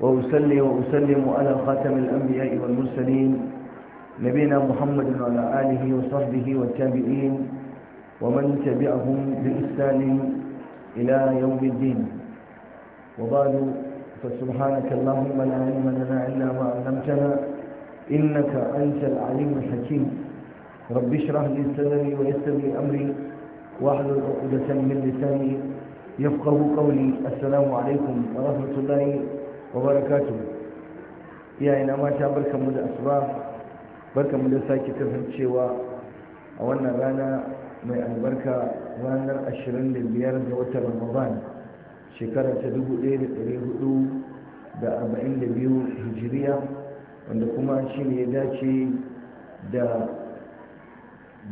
وأسلي وأسلم على خاتم الأنبياء والمرسلين نبينا محمد وعلى آله وصحبه والتابعين ومن تبعهم بإحسان إلى يوم الدين وبعد فسبحانك اللهم لا علم لنا إلا ما علمتنا إنك أنت العليم الحكيم رب اشرح لي صدري ويسر لي أمري واحلل عقدة من لساني يفقه قولي السلام عليكم ورحمة الله wabarakatu iyayen na mata barkanmu da asuba barkanmu da sake kasancewa a wannan rana mai albarka ranar 25 ga watan ramadan shekara ta 1442 hijiriya wanda kuma shi ne ya dace da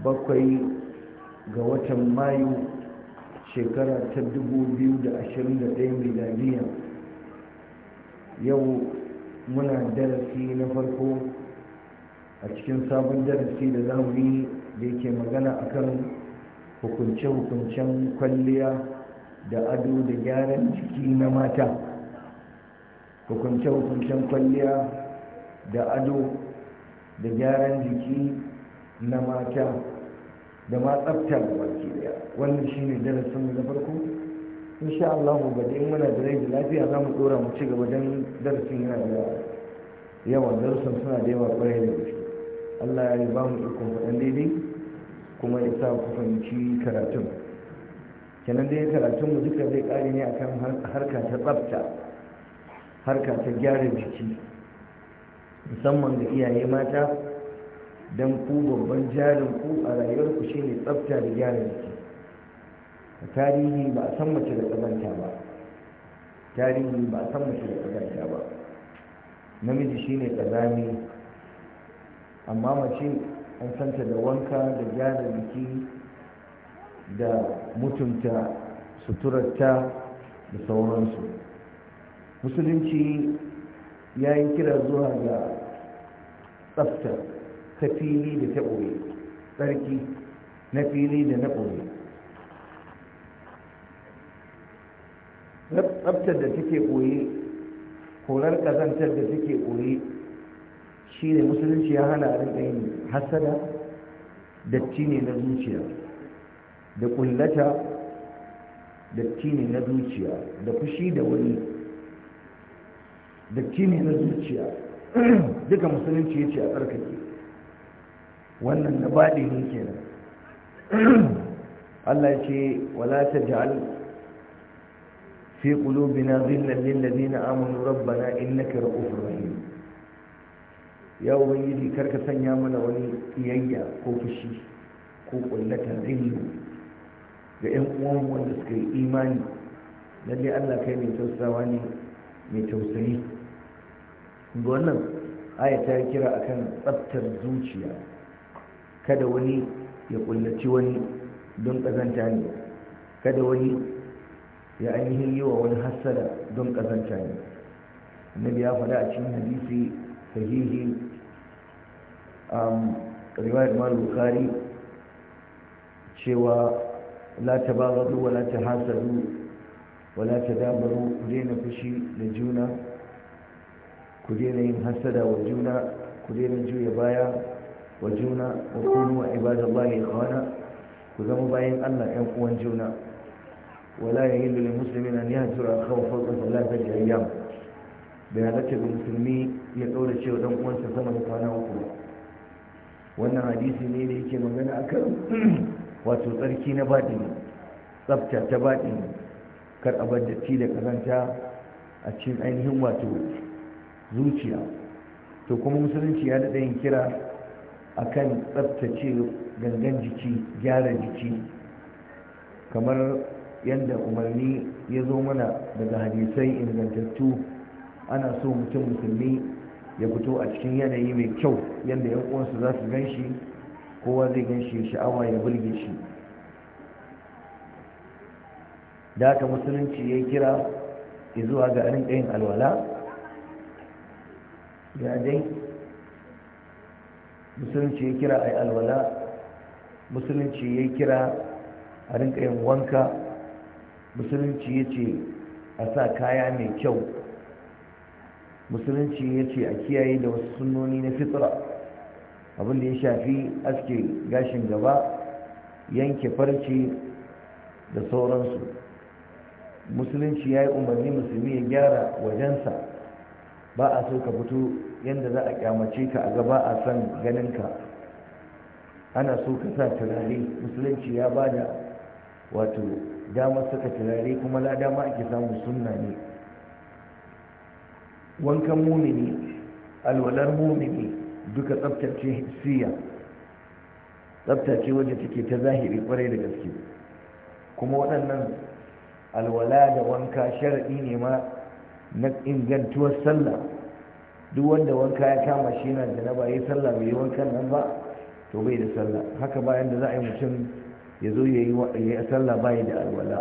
bakwai ga watan mayu shekara ta 2021 miladiyya yau muna darasi na farko a cikin sabon darasi da za yi da yake magana akan hukunce-hukuncen kwalliya da ado da gyaran jiki na mata hukunce-hukuncen kwalliya da ado da gyaran jiki na mata da ma tsaftar baki daya wannan shine darasin na farko sha Allah mu bada muna da rai da lafiya za mu dora mu ci gaba dan darasin yana da yawa darasin suna da yawa kwarai da gaske Allah ya ba mu ikon faɗan daidai kuma ya sa ku fahimci karatun kenan dai karatun mu duka zai ƙari ne akan harka ta tsafta harka ta gyara jiki musamman ga iyaye mata dan ku babban jarin ku a rayuwarku shine tsafta da gyara jiki tarihi ba a san mace da kazanta ba tarihi ba a san mace da kazanta ba namiji shine kazami amma mace an santa da wanka da gyara jiki da mutunta suturarta da sauransu musulunci ya yi kira zuwa ga tsafta ta fili da ta ɓoye tsarki na fili da na ɓoye tsabtar da take koyi korar kazantar da take koyi shi ne musulunci ya hana a rinka yin hasada datti ne na zuciya da kullata datti ne na zuciya da fushi da wani datti ne na zuciya duka musulunci ya ce a tsarkake wannan na baɗi ne kenan Allah ce wala ta ja'al Sai في قلوبنا na للذين آمنوا ربنا إنك رؤوف رحيم يا kar ka sanya mana wani kiyayya ko fushi ko kullatan ilmi ga yan uwan wanda suka yi imani lalle Allah kai mai tausawa ne mai tausayi ga wannan aya ta kira a kan tsaftar zuciya kada wani ya ƙullaci wani don kazanta ne kada wani ya ainihin yi wa wani hassada don ƙazanta ne annabi ya faɗa a cikin hadisi sahihi um, riwayar mal bukari cewa la tabaghadu wa la tahasadu wa la tadabaru ku daina fushi da juna ku daina yin hassada wa juna ku daina juya baya wa juna wa kunu wa ibadallahi ikhwana ku zama bayan Allah 'yan uwan juna ولا يهل للمسلم أن يهجر أخاه فوق ثلاثة أيام بهذا المسلمي يقول الشيخ دم وانسى سنة مقانا وقوة وانا حديثي نيلي يكي مغانا أكرم وتطركي نباتي tsabta ta baɗi kar a bar datti da ƙazanta a cikin ainihin wato zuciya to kuma musulunci ya daɗa yin kira akan tsaftace gangan jiki gyara jiki kamar yadda umarni ya zo mana daga hadisai ingantattu ana so mutum musulmi ya fito a cikin yanayi mai kyau yadda yan uwansu za su gan shi kowa zai gan shi sha'awa ya bulge shi da haka musulunci ya kira zuwa ga arin yin alwala ya dai musulunci ya kira a alwala musulunci ya kira a rinka yin wanka musulunci ya ce a sa kaya mai kyau musulunci ya ce a kiyaye da wasu sunnoni na fitra abinda ya shafi aske gashin gaba yanke farce da sauransu musulunci ya yi umarni musulmi ya gyara wajensa ba a so ka fito yadda za a kyamace ka a gaba a san ganinka ana so ka sa turare musulunci ya bada. da wato damar saka turare kuma la dama ake samu sunna ne wankan mumini alwalar mumini duka tsabtace hissiya tsabtace wadda take ta zahiri kwarai da gaske kuma waɗannan alwala da wanka sharaɗi ne ma na ingantuwar sallah duk wanda wanka ya kama shi na da na ba yi sallah bai yi wankan nan ba to bai da sallah haka bayan da za a yi mutum ya zo ya yi asalla sallah da alwala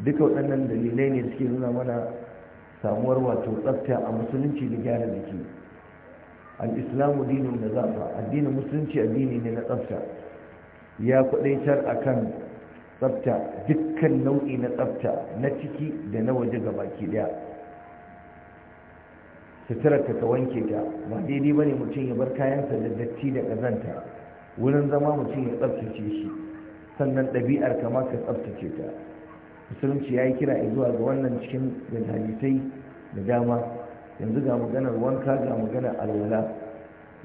duka waɗannan dalilai ne suke nuna mana samuwar wato tsafta a musulunci da gyara jiki al'islamu dinin da zafa addinin musulunci addini ne na tsafta ya kwadaitar a kan tsafta dukkan nau'i na tsafta na ciki da na waje ga baki daya suturarka ka wanke ta ba daidai ba ne mutum ya bar kayansa da datti da ƙazanta wurin zama mutum ya tsaftace shi sannan ɗabi'ar kama ka tsabtace ta musulunci ya yi kira zuwa ga wannan cikin da hadisai da dama yanzu ga maganar wanka ga maganar alwala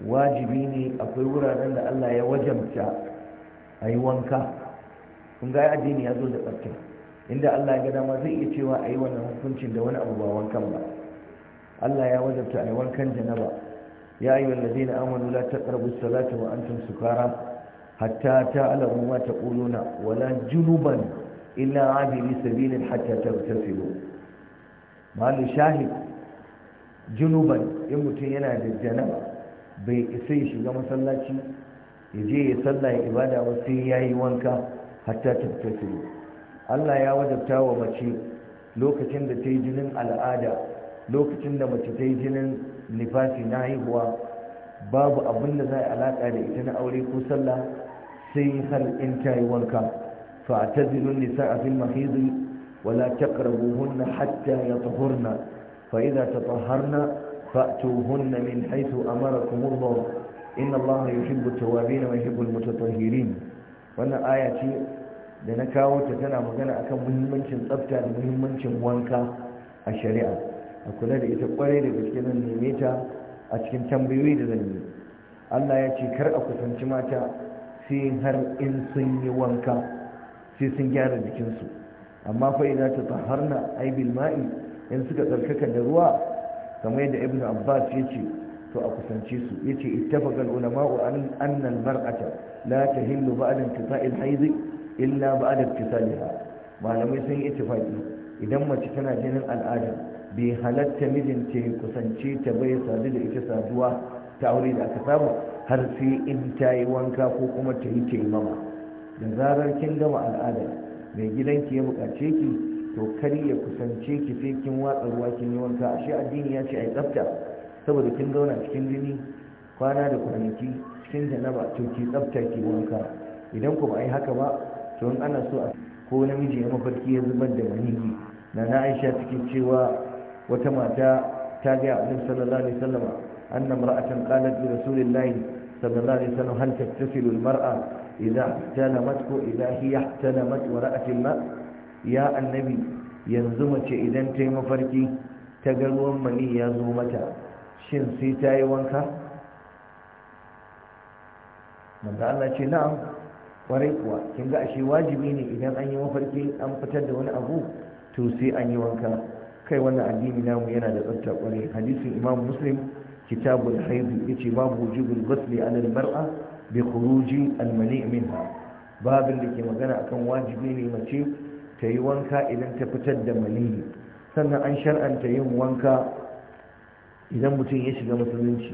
wajibi ne akwai wuraren da Allah ya wajabta a yi wanka kun ga addini ya zo da tsabta inda Allah ya ga dama zai iya cewa a yi wannan hukuncin da wani abu ba wankan ba Allah ya wajabta a yi wankan janaba ya yi ayyuhallazina amanu la taqrabu as-salata wa antum sukara hatta alamu mata taquluna wala junuban illa abiri sabilin hatta tartasilu malu shahid junuban in mutum yana da janaba bai isa ya shiga masallaci ya je ya sallah ya ibada ba sai ya yi wanka hatta tattasiru Allah ya wajabta wa mace lokacin da ta yi jinin al'ada lokacin da mace ta yi jinin nifasi na haihuwa babu abin da za a alaƙa da ita na aure ko sallah sai hal in tayi wanka fa ta zilun nisa a fil mahidi wala ta hunna hatta ya tahurna fa idza ta taharna fa'tuhunna min haythu amarakum Allah inna Allah yuhibbu at-tawwabin wa yuhibbu al-mutatahhirin wannan aya ce da na kawo ta tana magana akan muhimmancin tsafta da muhimmancin wanka a shari'a a kula da ita kwarai da gaske zan a cikin tambayoyi da zan yi Allah ya ce kar a kusanci mata sai har in sun yi wanka sai sun gyara jikinsu amma fa ina ta taharna aibil ma'i in suka tsarkaka da ruwa kamar yadda ibn abbas ya ce to a kusance su ya ce ittafaqal ulama'u an marata la tahillu ba'da inqita'il hayd illa ba'da ittisaliha malamai sun yi ittifaqi idan mace tana jinin al'ada bai halatta mijinta ya kusance ta bai sadu da ita saduwa ta aure da aka saba har sai in ta yi wanka ko kuma ta yi taimama da zarar kin gama al'ada mai gidanki ya buƙace ki to kar ya kusance ki sai kin watsa ruwa kin yi wanka ashe addini ya ce a yi tsafta saboda kin zauna cikin jini kwana da kwanaki cikin janaba to ki tsafta ki wanka idan ku ba a yi haka ba to in ana so a ko namiji ya mafarki ya zubar da maniyyi na na aisha cikin cewa wata mata ta ga annabi sallallahu alaihi wasallam annam ra'atan qalat li rasulillahi صلى الله عليه وسلم هل تغتسل المرأة إذا احتلمته إذا هي احتلمت ورأت الماء يا النبي ينزمك إذا انت مفركي تقلوا مني يا زومتا شن سيتاي وانكا من قال لك نعم وريكوا كم قال شي واجبيني إذا أني مفركي أم قتل وانا أبو توسي أني وانكا كي وانا أديني نام ينا لأتا ولي حديث الإمام مسلم kitabul haidu ce babu wujubul ghusli ala al-mar'a bi khuruji al-mani' minha babin da ke magana akan wajibi ne mace ta yi wanka idan ta fitar da maniyi sannan an shar'anta yin wanka idan mutum ya shiga musulunci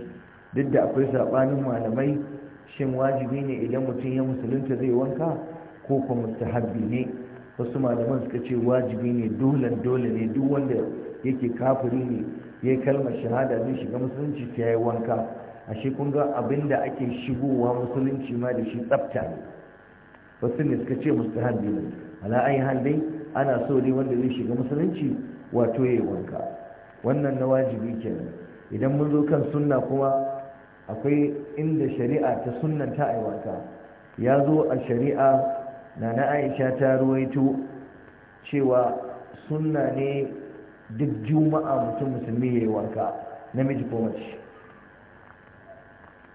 duk da akwai sabanin malamai shin wajibi ne idan mutum ya musulunta zai wanka ko kuma mustahabbi ne wasu malaman suka ce wajibi ne dole dole ne duk wanda yake kafiri ne ya yi kalmar shahada zai shiga musulunci ta yi wanka ashe kun ga abin da ake shigowa musulunci ma da shi tsafta ne wasu ne suka ce mustahabi ne ala ayi ana so ne wanda zai shiga musulunci wato ya yi wanka wannan na wajibi kenan idan mun zo kan sunna kuma akwai inda shari'a ta sunna a yi wanka ya zo a shari'a na na aisha ta ruwaito cewa sunna ne duk juma'a mutum musulmi ya yi wanka namiji ko mace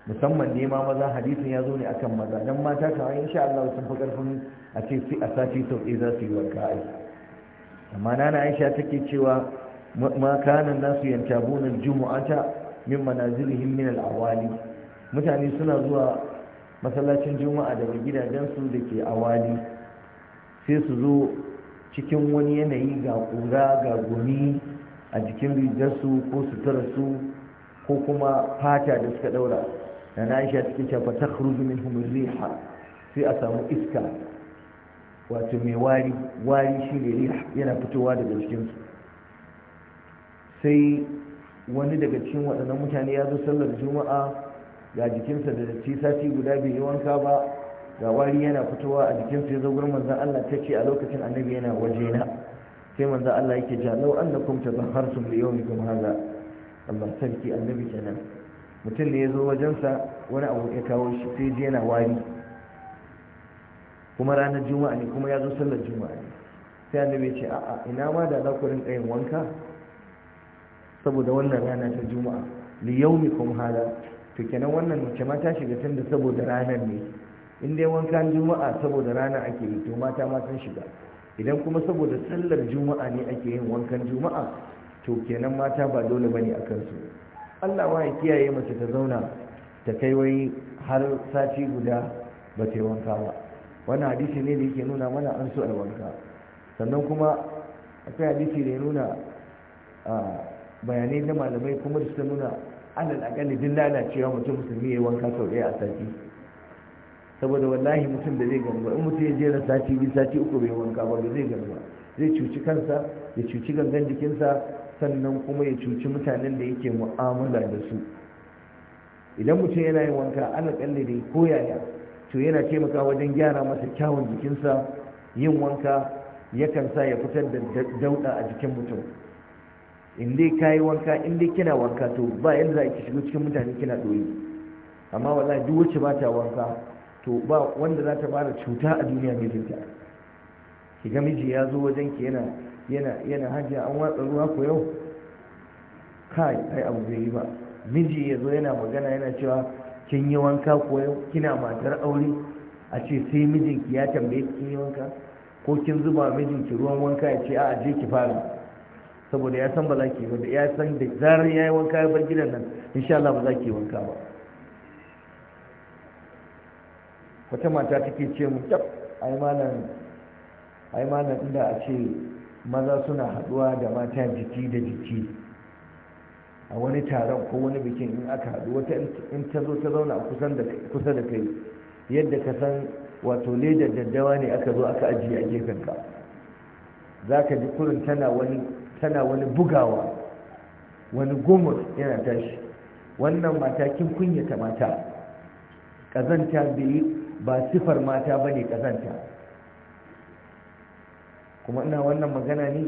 musamman ne ma maza hadisin ya zo ne akan maza don mata kawai insha Allah sun fi karfin a ce fi a sati sau ɗaya za su yi wanka ai amma na Aisha take cewa ma kana nasu bunan Juma'ata, min manazilihim min al'awali awali mutane suna zuwa masallacin juma'a daga gidajensu da ke awali sai su zo cikin wani yanayi ga ƙura ga gumi a jikin rigarsu ko suturarsu ko kuma fata da suka daura na na'isha cikin shafa ta min riha sai a samu iska wato mai wari wari shi ne riha yana fitowa daga cikinsu sai wani daga cikin waɗannan mutane ya zo sallar juma'a ga jikinsa da datti sati guda bai yi wanka ba ga wari yana fitowa a jikin sai zo gurin manzon Allah ta ce a lokacin annabi yana wajena sai manzon Allah yake ja lau annakum tazahhartum li yawmikum hadha Allah sarki annabi kenan mutum ne ya zo wajensa wani abu ya kawo shi sai ji yana wari kuma ranar juma'a ne kuma ya zo sallar juma'a ne sai annabi ce a'a ina ma da za ku rinka yin wanka saboda wannan rana ta juma'a li yawmikum hada to kenan wannan mace ma ta shiga tunda saboda ranar ne in dai wankan juma'a saboda rana ake yi to mata ma sun shiga idan kuma saboda sallar juma'a ne ake yin wankan juma'a to kenan mata ba dole bane a kansu Allah ma ya kiyaye mace ta zauna ta kai wai har sati guda ba ta wanka ba wannan hadisi ne da yake nuna mana an so a wanka sannan kuma akwai hadisi da ya nuna bayanai na malamai kuma da suka nuna alal akalli din lalacewa mutum musulmi ya wanka sau ɗaya a sati saboda wallahi mutum da zai gani ba in mutum ya na sati biyu sati uku bai wanka ba zai gani ba zai cuci kansa ya cuci gangan jikinsa sannan kuma ya cuci mutanen da yake mu'amala da su idan mutum yana yin wanka ana kalle da ko yaya to yana taimaka wajen gyara masa kyawun jikinsa yin wanka yakan sa ya fitar da dauda a jikin mutum in dai kayi wanka in dai kina wanka to ba yadda za ki shigo cikin mutane kina doyi amma wallahi duk wacce ba ta wanka to ba wanda za ta fara cuta a duniya mijinta ki ga miji ya zo wajen ki yana yana yana hajiya an watsa ruwa ko yau kai ai abu bai yi ba miji ya zo yana magana yana cewa kin yi wanka ko yau kina matar aure a ce sai mijinki ya tambaye kin yi wanka ko kin zuba mijinki ruwan wanka ya ce a je ki fara saboda ya san ba za ki yi ba da ya san da zarar ya yi wanka ya bar gidan nan insha Allah ba za ki yi wanka ba wata mata take ce mu kyau ai yi inda a ce maza suna haduwa da mata jiki da jiki a wani taron ko wani bikin in aka haɗu wata in ta zo ta zauna kusa da kai yadda ka san wato ledar daddawa ne aka zo aka ajiye a gefenka za ka ji kurin tana wani bugawa wani gomar yana tashi wannan mata kin kunyata mata ƙazanta bai ba sifar mata ba ne kazanta kuma ina wannan magana ne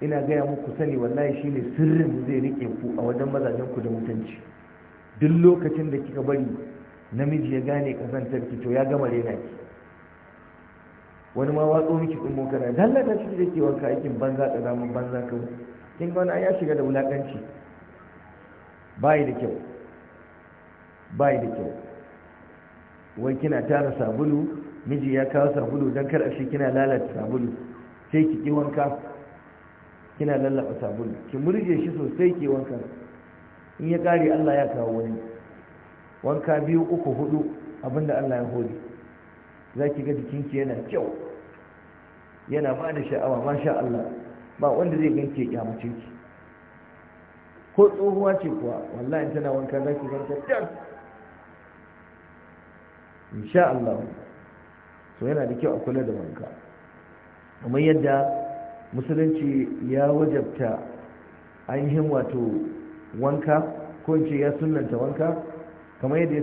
ina gaya muku sani wallahi shi ne sirrin zai rike ku a wajen mazajen ku da mutunci duk lokacin da kika bari namiji ya gane kazantar ki to ya gama rena ki wani ma watsa miki kana, mokana dallata shi da ke wanka aikin banza da zamun banza ka kin ga wani ya shiga da wulakanci bayi da kyau bayi da kyau wai kina tara sabulu miji ya kawo sabulu don kar shi kina lalata sabulu sai ki ki wanka kina lalata sabulu ki murje shi sosai ki wanka in ya kare Allah ya kawo wani wanka biyu uku hudu abinda Allah ya hori za ki ga jikinki yana kyau yana ba da sha'awa masha Allah ba wanda zai ganke ya ko tsohuwa ce kuwa wallahi tana wanka za ki ganta tas insha Allah so yana da kyau a kula da wanka kuma yadda musulunci ya wajabta ainihin wato wanka ko in ce ya sunanta wanka kamar yadda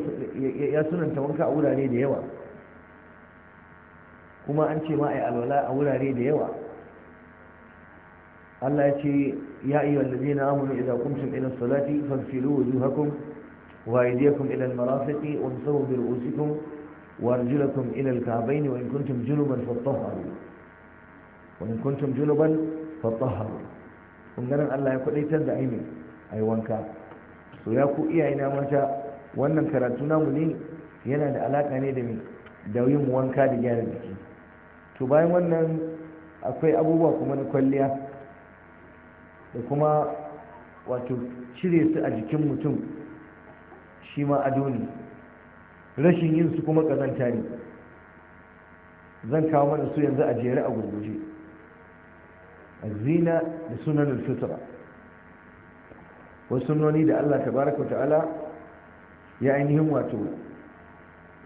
ya sunanta wanka a wurare da yawa kuma an ce ma a yi alwala a wurare da yawa Allah ya ce ya wanda zai na idza idan ila as-salati wa zuhakun wa aydiyakum ila al-marafiqi wamsahu bi ru'usikum وارجلكم الى الكعبين وان كنتم جنبا فطهروا وان كنتم جنبا فطهروا kun ganin Allah ya kwadaitar da aini ai wanka so ya ku iyayena mata wannan karatu namu ne yana da alaka ne da da yin wanka da gyara jiki to bayan wannan akwai abubuwa kuma na kwalliya da kuma wato cire su a jikin mutum shi ma ado ne rashin yin su kuma kazanta ne zan kawo mana su yanzu a jere a gurguje zina da sunan fitra wasu sunoni da Allah tabaraka ta'ala ya ainihin wato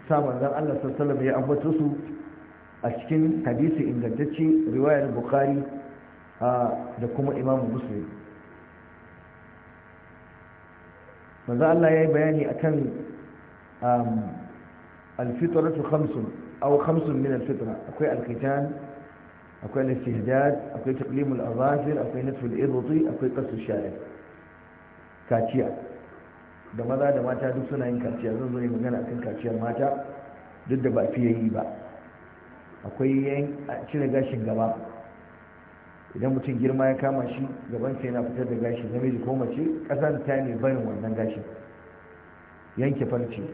sa manzon Allah sallallahu ya ambato su a cikin hadisi ingantacce riwayar bukhari da kuma Imamu muslim manzon Allah ya yi bayani akan alfitratu khamsun aw khamsun min alfitra akwai alkitan akwai alistihdad akwai taqlimul azafir akwai natful idti akwai qasu sha'ir kaciya da maza da mata duk suna yin kaciya zan zo ne magana akan kaciyar mata duk da ba fiye yi ba akwai yayin cire gashin gaba idan mutum girma ya kama shi gaban sai yana fitar da gashi namiji ko mace kasanta ne barin wannan gashin yanke farce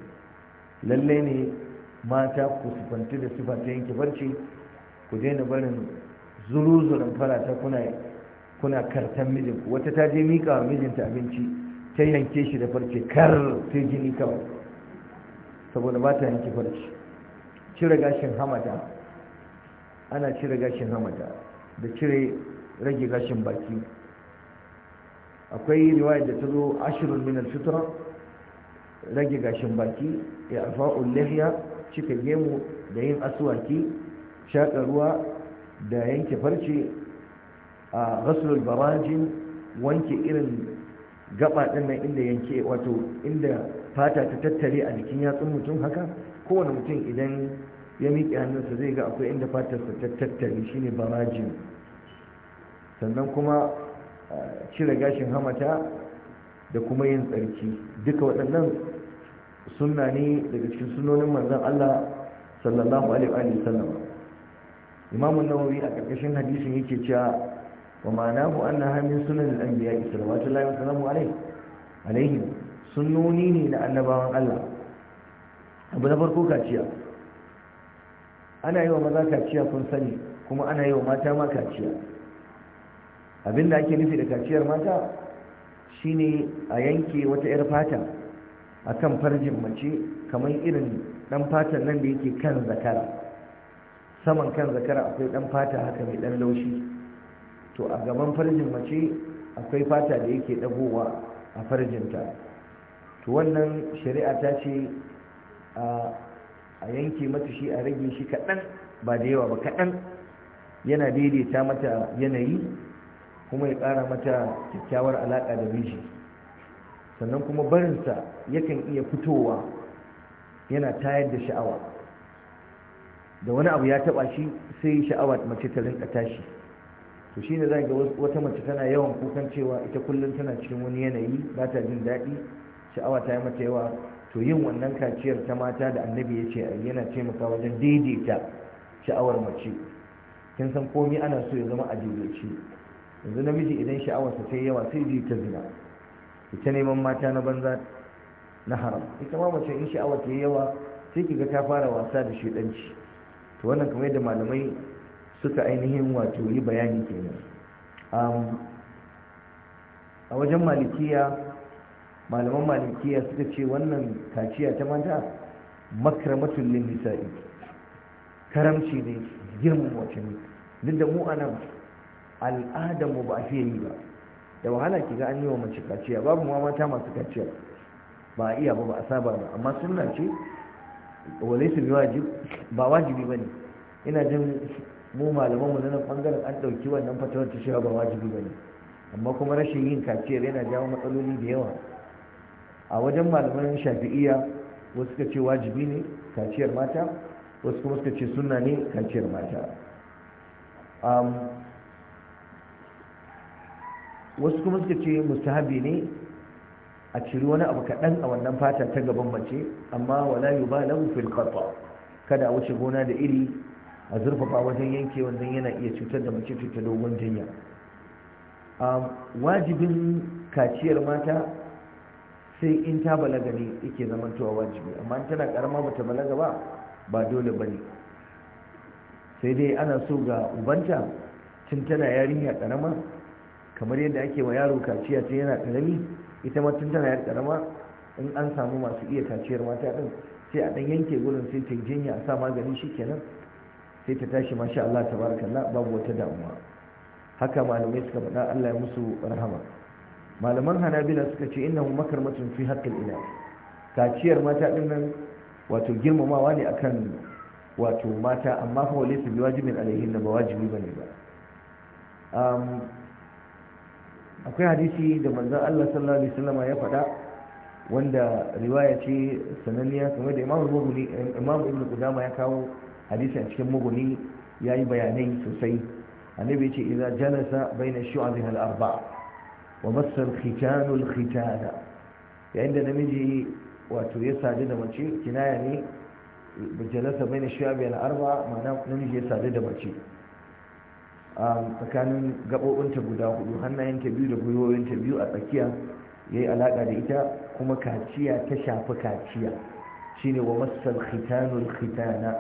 lalle ne mata ku sifanti da sifa ta yanke barci ku daina barin zuruzuran farata kuna kuna kartan mijinku wata ta je mika wa mijinta abinci ta yanke shi da farce kar sai jini kawai saboda ba ta yanke farce cire gashin hamata ana cire gashin hamata da cire rage gashin baki akwai riwayar da ta zo ashirin minar sutura rage gashin baki ya alfa'ul lafiya, cika gemu da yin asuwaki shaƙa ruwa da yanke farce a rasulul barajin wanke irin gaba ɗin nan inda yanke wato inda fata ta tattare a jikin yatsun mutum haka kowane mutum idan ya miƙe hannunsa zai ga akwai inda fatarsa ta tattare shine barajin sannan kuma cire gashin hamata da kuma yin tsarki duka waɗannan sunna ne daga cikin sunonin manzon Allah sallallahu alaihi wa sallam Imam an-Nawawi a karkashin hadisin yake cewa wa ma'ana anna ha min sunanil anbiya sallallahu alaihi wa sallam alaihi sunnoni ne na annabawan Allah abu na farko kaciya ana yi wa maza kaciya kun sani kuma ana yi wa mata ma kaciya abinda ake nufi da kaciyar mata shine a yanke wata 'yar fata a kan farjin mace kamar irin ɗan fatan nan da yake kan zakara saman kan zakara akwai ɗan fata haka mai ɗan laushi to a gaban farjin mace akwai fata da yake ɗagowa a farjinta to wannan shari'a ta ce a yanke mata shi a rage shi kaɗan ba da yawa ba kaɗan yana daidaita mata yanayi kuma ya ƙara mata kyakkyawar alaƙa da miji sannan kuma barinsa yakan iya fitowa yana tayar da sha'awa da wani abu ya taba shi sai sha'awa mace ta rinka tashi to shi ne zai ga wata mace tana yawan kukan cewa ita kullum tana cikin wani yanayi ba ta jin daɗi sha'awa ta yi mata yawa to yin wannan kaciyar ta mata da annabi ya ce yana taimaka wajen daidaita sha'awar mace kin san komai ana so ya zama a daidaice yanzu namiji idan sha'awarsa ta yi yawa sai ji ta zina ita neman mata na banza na haram ita ma mace in sha'awa ta yawa sai kiga ta fara wasa da shedanci to wannan kamar yadda malamai suka ainihin wato yi bayani kenan a wajen malikiya malaman malikiya suka ce wannan kaciya ta mata makramatun lin nisa'i karamci ne girman wace ne duk da mu anan al'adar mu ba a fiye yi ba da wahala ki ga an yi wa mace kaciya babu ma mata masu kaciya ba a iya ba ba a saba ba amma suna ce wale su bi wajib ba wajibi ba ne. ina jin mu malaman mu nan bangaren an dauki wannan fatawar ta cewa ba wajibi ba ne, amma kuma rashin yin kaciyar yana jawo matsaloli da yawa a wajen malaman shafi'iyya wasu suka ce wajibi ne kaciyar mata wasu kuma suka ce sunna ne kaciyar mata wasu kuma suka ce mustahabi ne a ciri wani abu kaɗan a wannan fata ta gaban mace amma wala yi ba lagu fil kada a wuce gona da iri a zurfafa wajen yanke wanzan yana iya cutar da mace ta dogon jinya wajibin kaciyar mata sai in ta balaga ne yake zamantowa wajibi amma in tana karama bata balaga ba ba dole bane sai dai ana so ga ubanta tun tana yarinya karama kamar yadda ake wa yaro kaciya tun yana karami ita ma tun tana yar karama in an samu masu iya kaciyar mata din sai a dan yanke gurin sai ta jinya a sa magani shikenan sai ta tashi masha Allah tabarakallah babu wata damuwa haka malamai suka faɗa Allah ya musu rahama malaman hanabila suka ce innahu makarmatun fi haqqil ilahi kaciyar mata din nan wato girmamawa ne akan wato mata amma fa walaysa biwajibin alaihin ba wajibi bane ba akwai hadisi da manzon Allah sallallahu alaihi wasallam ya faɗa wanda riwaya ce sananniya kamar da Imam Bukhari Imam Ibn Qudama ya kawo hadisi a cikin Mughni yayi bayanai sosai annabi ya ce idza jalasa baina shu'abiha al arba, wa massa al al-khitana yayin da namiji wato ya sadu da mace kinaya ne jalasa na shu'abiha al arba ma'ana namiji ya sadu da mace tsakanin gaɓoɓinta guda hudu hannayen ta biyu da gwiwoyin ta biyu a tsakiya ya yi alaƙa da ita kuma kaciya ta shafi kaciya shine wa masal khitanul khitana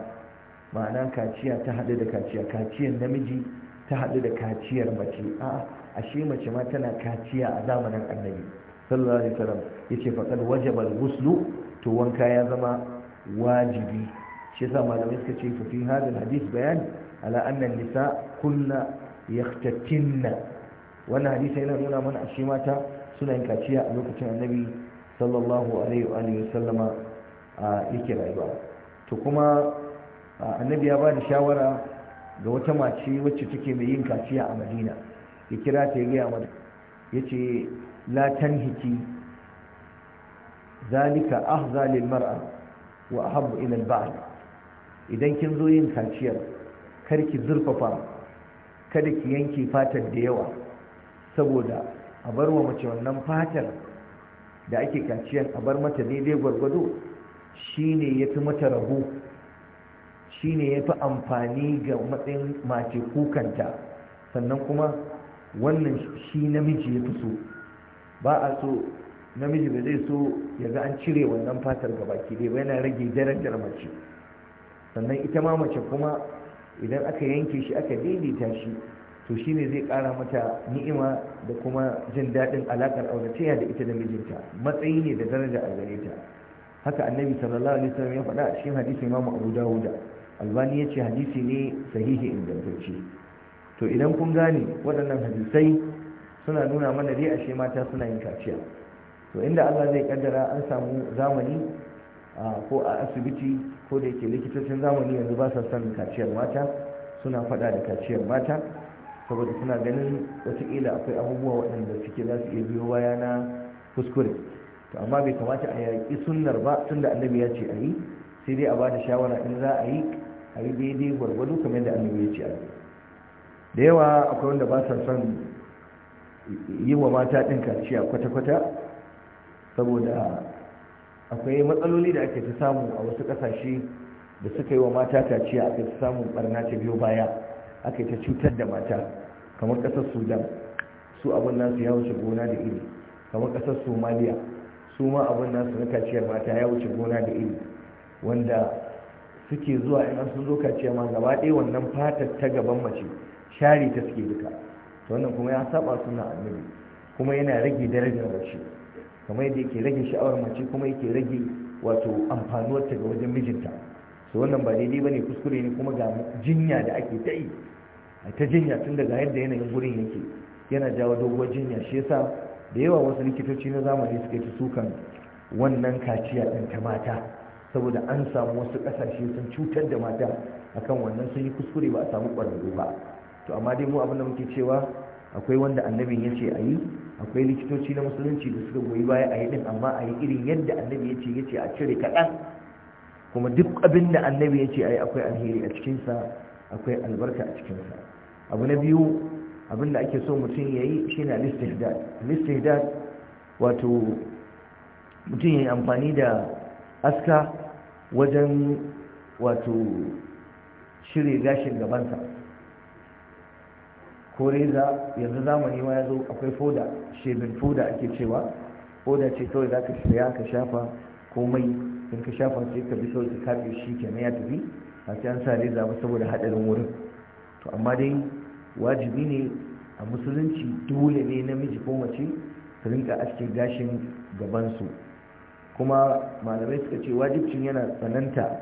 ma'ana kaciya ta haɗu da kaciya kaciyar namiji ta haɗu da kaciyar mace a ashe mace ma tana kaciya a zamanin annabi sallallahu alaihi wasallam yace faqad wajaba al-ghuslu to wanka ya zama wajibi shi yasa malamai suka ce fi hadal hadith bayani A annan nisa kunna yaktatinna wannan hadisi yana nuna mana a shi mata suna yin kaciya a lokacin annabi sallallahu alaihi wa alihi sallama yake rayuwa to kuma annabi ya ba da shawara ga wata mace wacce take mai yin kaciya a madina ya kira ta ya gaya mata ya ce la tanhiki zalika ahza lil mar'a wa ahabbu ila al idan kin zo yin kaciyar karki zurfafa kada ki yanke fatar da yawa saboda a bar wa mace wannan fatar da ake kaciyan a bar mata daidai gwargwado shi ne ya fi mata rabo ne ya fi amfani ga matsayin mace kukanta sannan kuma wannan shi namiji ya fi so ba a so namiji ba zai so ya ga an cire wannan fatar gaba ki dai yana rage darajar mace sannan ita ma mace kuma idan aka yanke shi aka daidaita shi to shi ne zai kara mata ni'ima da kuma jin daɗin alaƙar auratayya da ita da mijinta matsayi ne da daraja a gare ta haka annabi sallallahu alaihi wasallam ya faɗa a cikin hadisi imamu abu dawuda albani ya ce hadisi ne sahihi ingantacce to idan kun gane waɗannan hadisai suna nuna mana dai ashe mata suna yin kaciya to inda Allah zai kaddara an samu zamani ko a asibiti ko da yake likitocin zamani yanzu ba sa son kaciyar mata suna fada da kaciyar mata saboda suna ganin watakila akwai abubuwa waɗanda suke za su iya biyo baya na kuskure to amma bai kamata a yaƙi sunnar ba tunda annabi ya ce a yi sai dai a ba da shawara in za a yi a yi daidai gwargwado kamar da annabi ya ce a yi da yawa akwai wanda ba sa son yi wa mata ɗin kaciya kwata-kwata saboda akwai matsaloli da ake ta samu a wasu kasashe da suka yi wa mata kaciya aka ta samun barna ta biyo baya aka ta cutar da mata kamar ƙasar sudan su abin nasu ya wuce gona da iri kamar ƙasar somaliya su ma abin nasu na kaciyar mata ya wuce gona da iri wanda suke zuwa in an sun zo kaciya ma gaba ɗaya wannan fatar ta gaban mace share ta suke duka ta wannan kuma ya saba suna annabi kuma yana rage darajar mace kamar yadda yake rage sha'awar mace kuma yake rage wato amfanuwarta ga wajen mijinta su wannan ba daidai ba ne kuskure ne kuma ga jinya da ake ta yi ta jinya tun daga yadda yanayin gurin yake yana jawo doguwar jinya shi yasa da yawa wasu likitoci na zamani suka ci sukan wannan kaciya ɗin ta mata saboda an samu wasu ƙasashe sun cutar da mata akan wannan sun yi kuskure ba a samu ƙwararru ba to amma dai mu abin da muke cewa akwai wanda annabin ya ce a yi akwai likitoci na musulunci da suka goyi baya a yi din amma a yi irin yadda annabi ya ce ya ce a cire kaɗan kuma duk abin da annabi ya ce a yi akwai alheri a cikinsa akwai albarka a cikinsa abu na biyu abin da ake so mutum ya yi shi na listihdad wato mutum ya yi amfani da aska wajen wato shirya gashin gabansa ko reza yanzu zamani ma ya zo akwai foda shebin foda ake cewa foda ce kawai za ka saya ka shafa komai in ka shafa sai ka bi sau ka kaɗe shi ke ya tafi a sai an sa reza ba saboda haɗarin wurin to amma dai wajibi ne a musulunci dole ne namiji ko mace ta rinka aske gashin gabansu kuma malamai suka ce wajibcin yana tsananta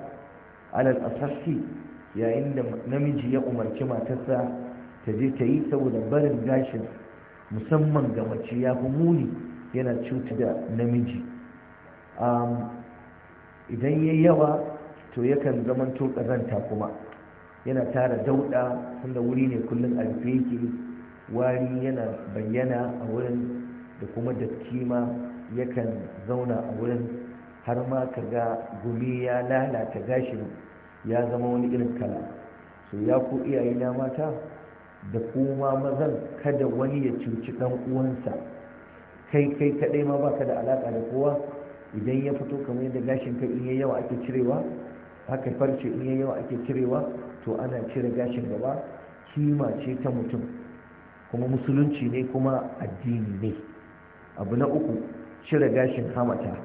alal asassi yayin da namiji ya umarci matarsa ta je ta yi saboda barin gashin musamman ga mace ya fi muni yana cuta da namiji idan ya yawa to yakan to ƙazanta kuma yana tara dauɗa tunda wuri ne kullum a yake wari yana bayyana a wurin da kuma da kima yakan zauna a wurin har ma ka ga gumi ya lalata gashin ya zama wani irin kala so ya ku iyaye mata da kuma mazan kada wani ya cuci ɗan uwansa kai kai kadai ma baka da alaka da kowa idan ya fito kamar yadda gashin kai in yayi yawa ake cirewa haka farce in yayi yawa ake cirewa to ana cire gashin gaba kima ce ta mutum kuma musulunci ne kuma addini ne abu na uku cire gashin hamata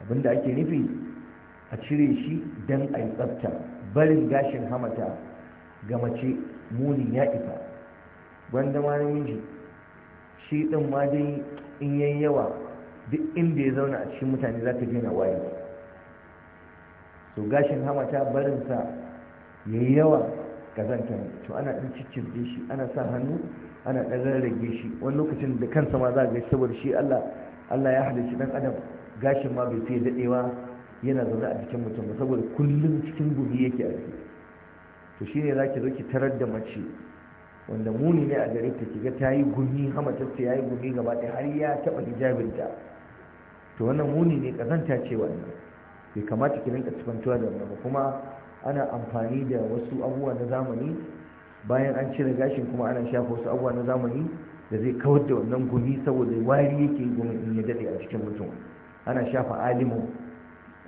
abinda ake nufi a cire shi dan a yi tsafta barin gashin hamata ga mace munin ya isa gwanda ma namiji shi ɗin ma dai in yayi yawa duk inda ya zauna a cikin mutane za ka jina waye to gashin Hama ta barinsa ya yi yawa kazanta ne to ana ɗan ciccirje shi ana sa hannu ana ɗan rarrage shi wani lokacin da kansa ma za a gaishe saboda shi allah ya halarci dan adam gashin ma bai fiye daɗewa yana zaune a jikin mutum saboda kullum cikin gumi yake a jiki to za ki zo ki tarar da mace wanda muni ne a gare ta ga ta yi gumi hamatar ya yi gumi gaba ɗaya har ya taɓa hijabin ta to wannan muni ne kazanta ce wannan bai kamata ki rinka cikantuwa da wannan kuma ana amfani da wasu abubuwa na zamani bayan an cire gashin kuma ana shafa wasu abubuwa na zamani da zai kawar da wannan gumi saboda wari yake gumi in ya daɗe a cikin mutum ana shafa alimu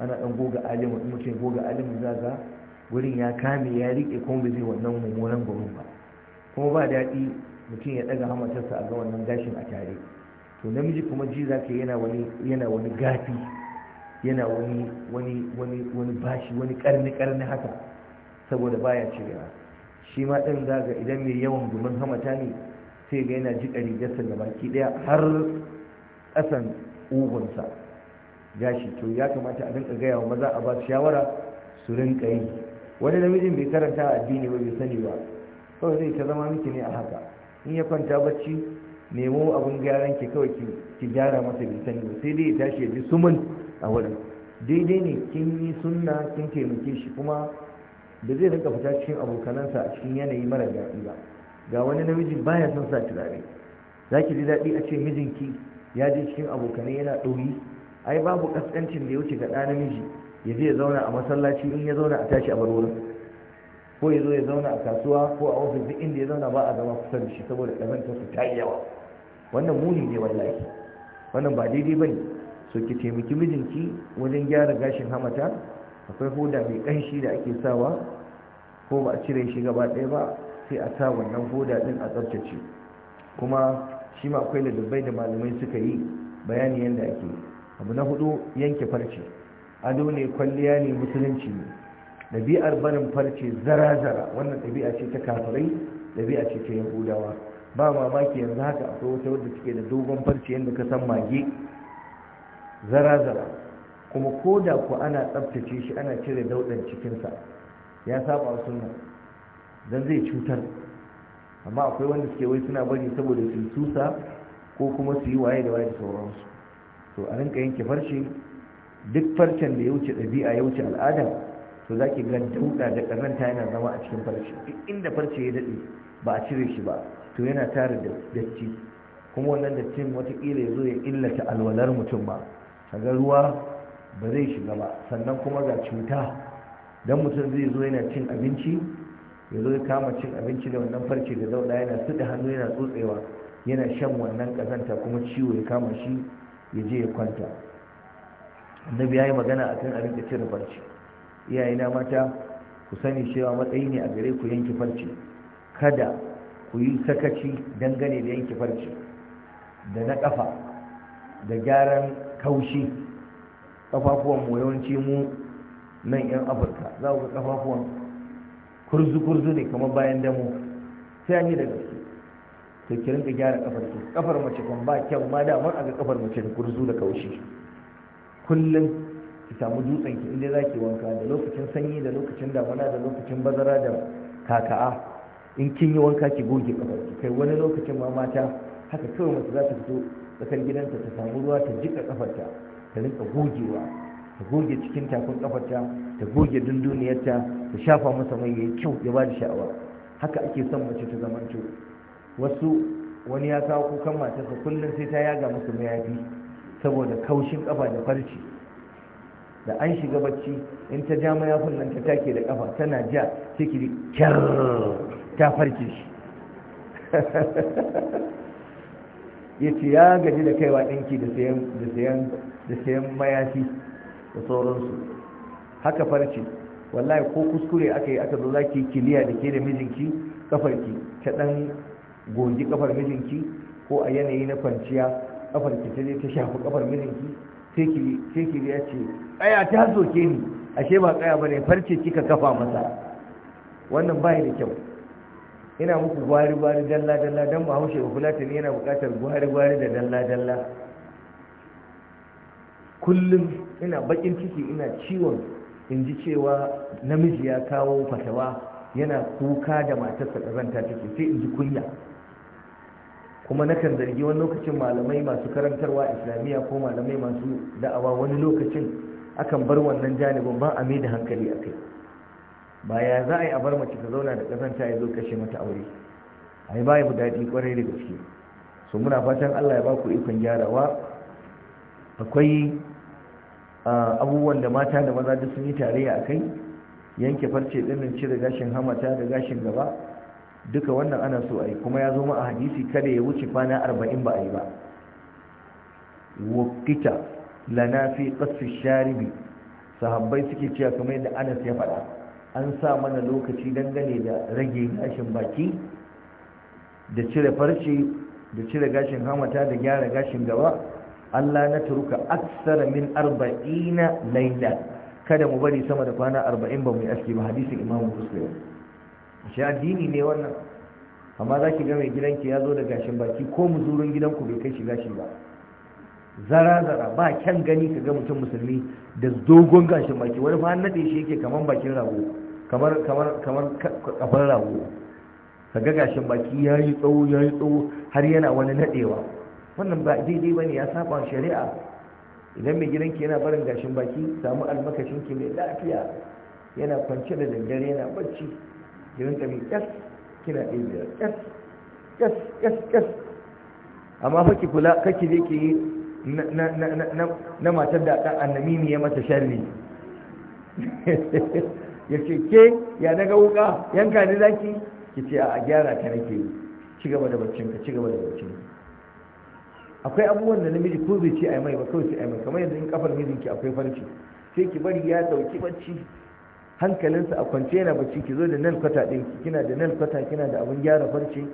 ana ɗan goga alimu in mutum goga alimu za wurin ya kame ya riƙe kuma ba zai wannan mummunan gurin ba kuma ba daɗi mutum ya ɗaga hamatarsa a ga wannan gashin a tare to namiji kuma ji za ka yana wani yana wani gafi yana wani wani wani wani bashi wani karni karni haka saboda baya cewa shi ma ɗin za ga idan mai yawan gumin hamata ne sai ga yana jiƙa rigarsa da baki ɗaya har ƙasan ugunsa gashi to ya kamata a rinka gaya wa maza a ba shawara su rinka yi wani namijin bai karanta addini ba bai sani ba kawai zai ta zama miki ne a haka in ya kwanta bacci nemo abin gyaran ki kawai ki gyara masa bai sani ba sai dai ya tashi ya ji sumun a wurin daidai ne kin yi sunna kin taimake shi kuma da zai rinka fita cikin abokanansa a cikin yanayi mara daɗi ba ga wani namiji baya son sa turare za ki ji daɗi a ce mijinki ya je cikin abokanai yana ɗoyi ai babu ƙasƙancin da ya wuce ga ɗa namiji ya je ya zauna a masallaci in ya zauna a tashi a bar wurin ko ya zo ya zauna a kasuwa ko a ofis duk inda ya zauna ba a zama kusa da shi saboda ƙazanta su ta yi yawa wannan muni ne wallahi wannan ba daidai bane so ki taimaki mijinki wajen gyara gashin hamata akwai hoda mai ƙanshi da ake sawa ko ba a cire shi gaba ɗaya ba sai a sa wannan hoda ɗin a tsaftace kuma shi ma akwai ladabbai da malamai suka yi bayani yadda ake abu na hudu yanke farce ado ne kwalliya ne musulunci ne ɗabi'ar barin farce zara-zara wannan ɗabi'a ce ta kafirai ɗabi'a ce ta yahudawa ba mamaki yanzu haka akwai wata wadda suke da dogon farce yadda ka san mage zara-zara kuma ko da ku ana tsabtace shi ana cire daudan cikinsa ya saba sunna don zai cutar amma akwai wanda suke wai suna bari saboda su susa ko kuma su yi waye da waye da sauransu to a rinka yanke farce duk farcen da ya wuce ɗabi'a ya wuce al'ada to za ki ga dauɗa da ƙazanta yana zama a cikin farce inda farce ya daɗe ba a cire shi ba to yana tare da datti kuma wannan dattin watakila ya zo ya illata alwalar mutum ba ga ruwa ba zai shiga ba sannan kuma ga cuta don mutum zai zo yana cin abinci ya zo ya kama cin abinci da wannan farce da dauɗa yana suɗa hannu yana tsotsewa yana shan wannan ƙazanta kuma ciwo ya kama shi ya je ya kwanta annabi ya yi magana akan abin da cire farce iyayena mata ku sani cewa matsayi ne a gare ku yanki farce kada ku yi sakaci dangane da yanki farce da na kafa da gyaran kaushi kafafuwan mu yawanci mu nan yan afirka za ku ga kafafuwan kurzu-kurzu ne kamar bayan damu sai an yi da gaske to ki da gyara kafar ki kafar mace kan ba kyau ma da a ga kafar mace da kurzu da kaushi kullum ki samu dutsen ki inda zaki wanka da lokacin sanyi da lokacin damuna da lokacin bazara da kaka'a in kin yi wanka ki goge kafar ki kai wani lokacin ma mata haka kawai mace za ta fito tsakar gidanta ta samu ruwa ta jika kafar ta rinka gogewa ta goge cikin takun kafarta ta goge dunduniyarta ta shafa masa mai yayi kyau ya bada sha'awa haka ake son mace ta zamanto wasu wani ya kawo kukan matarsa kullum sai ta yaga musu mayafi saboda kaushin kafa da farci da an shiga bacci in ta ja mayafin nan ta take da kafa tana ja sikiri kyar ta farce shi ya ce ya gaji da kaiwa ɗinki da sayan mayafi da sauransu haka farce wallahi ko kuskure aka yi aka zo zaki ki kiliya da ke da mijinki kafarki ta ɗan goji kafar mijinki ko a yanayi na kwanciya kafar ki tare ta shafi kafar mijinki sai ki ya ce ƙaya ta soke ni ashe ba kaya ne, farce kika kafa masa wannan bai da kyau ina muku gwari gwari dalla dalla dan ba haushe ba fulatani yana bukatar gwari gwari da dalla dalla kullum ina bakin ciki ina ciwon in ji cewa namiji ya kawo fatawa yana kuka da matarsa kazanta take sai in ji kunya kuma nakan zargi wani lokacin malamai masu karantarwa islamiyya ko malamai masu da'awa wani lokacin akan bar wannan janibin ba a mai da hankali a kai ba ya za a yi a bar mace ta zauna da ƙazanta ya zo kashe mata aure a yi ba ya daɗi ƙwarai da gaske so muna fatan allah ya ba ku ikon gyarawa akwai abubuwan da mata da maza duk sun yi tarayya a kai yanke farce ɗinnin cire gashin hamata da gashin gaba duka wannan ana so a yi kuma ya zo ma a hadisi kada ya wuce kwana arba'in ba a yi ba wakita lana fi ƙasfi sharibi sahabbai suke cewa kamar yadda anas ya faɗa an sa mana lokaci dangane da rage gashin baki da cire farce da cire gashin hamata da gyara gashin gaba allah na turuka aksara min arba'ina laila kada mu bari sama da kwana arba'in ba mu yi aski ba hadisin imamu muslim shi addini ne wannan amma za ki ga mai gidan ki? ya zo da gashin baki ko muzurin gidanku bai kai shi gashi ba zara-zara ba kyan gani ka ga mutum musulmi da dogon gashin baki wani ba naɗe shi yake kamar bakin rago kamar kamar kamar kafar rago ka ga gashin baki ya yi tsawo ya har yana wani naɗewa wannan ba daidai ba ne ya saba shari'a idan mai gidanki yana barin gashin baki samu almakashinki mai lafiya yana kwance da daddare yana barci. gidan ta mai ƙas kina ɗaya ƙas ƙas ƙas ƙas amma fa ki kula kake je ki yi na matar da ɗan ne ya mata sharri ya ce ke ya daga wuka yanka ne zaki ki ce a gyara ka nake ci gaba da baccin ka ci gaba da baccin akwai abubuwan da namiji ko zai ce yi mai ba kawai sai yi mai kamar yanzu in kafar mijinki akwai farci sai ki bari ya dauki bacci hankalinsa a kwance yana bacci ki zo da nan kwata ɗin kina da nan kwata kina da abun gyara farce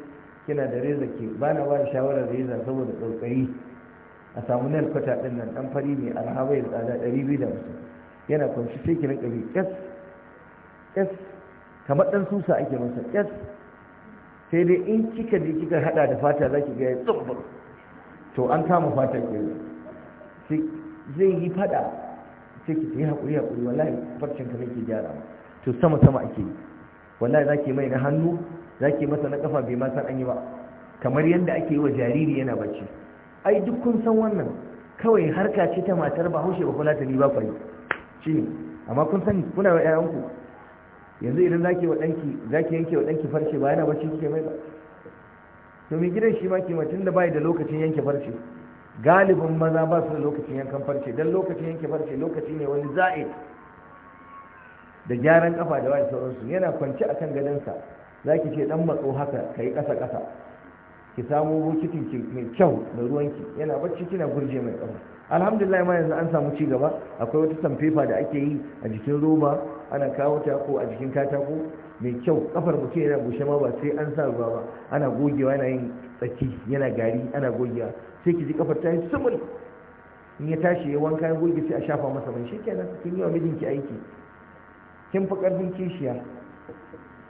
kina da reza ke ba na ba shawarar reza saboda tsautsayi a samu nan kwata ɗin nan ɗan fari mai alhaba ya tsada ɗari biyu da hamsin yana kwance sai ki rinka bi ƙyas ƙyas kamar ɗan susa ake masa ƙyas sai dai in kika je kika haɗa da fata za ki ga ya to an kama fata ke zai yi faɗa sai ki yi haƙuri haƙuri wallahi farcen ka nake gyara to sama sama ake yi wallahi zaki mai na hannu zaki masa na kafa bai ma san an yi ba kamar yadda ake yi wa jariri yana bacci ai duk kun san wannan kawai harka ce ta matar ba haushe ba kula ta ni ba kwari shi ne amma kun sani kuna wa 'ya'yanku yanzu idan zaki wa danki zaki yanke wa danki farce ba yana bacci kike mai ba to mai gidan shi ma ke mutum da bai da lokacin yanke farce galibin maza ba su da lokacin yankan farce don lokacin yanke farce lokaci ne wani za'i da gyaran kafa da wani sauransu yana kwanci a kan gadonsa za ki ce dan matso haka ka yi ƙasa ƙasa ki samu bukitin ki mai kyau da ruwanki yana bacci kina gurje mai tsawo alhamdulillah ma yanzu an samu ci gaba akwai wata sanfefa da ake yi a jikin roba ana kawo ta ko a jikin katako mai kyau kafar mutum yana bushe ma ba sai an sa ruwa ba ana gogewa yana yin tsaki yana gari ana gogewa sai ki ji kafar ta yi sumul in ya tashi ya wanka ya goge sai a shafa masa mai shikenan kin yi wa mijinki aiki kin fi karfin kishiya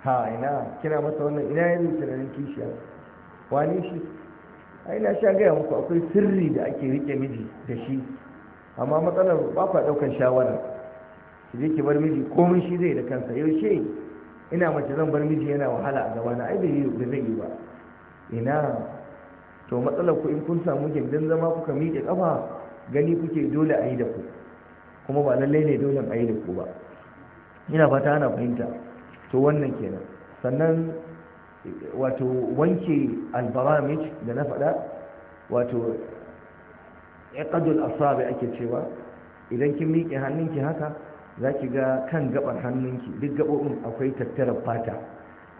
ha ina kina masa wannan ina yanzu tunanin kishiya wani shi a ina sha gaya muku akwai sirri da ake rike miji da shi amma matsalar ba kwa daukan shawara ki je ki bar miji komai shi zai da kansa yaushe ina mace zan bar miji yana wahala a gabana ai bai zai yi ba ina to matsalar ku in kun samu gindin zama kuka miƙe ƙafa gani kuke dole a yi da ku kuma ba lallai ne dole a yi da ku ba ina fata ana fahimta to wannan kenan sannan wato wanke albaramic da na faɗa wato ƙadul asabi ake cewa idan kin miƙe hannunki haka za ki ga kan gaɓar hannunki duk gaɓoɓin akwai tattara fata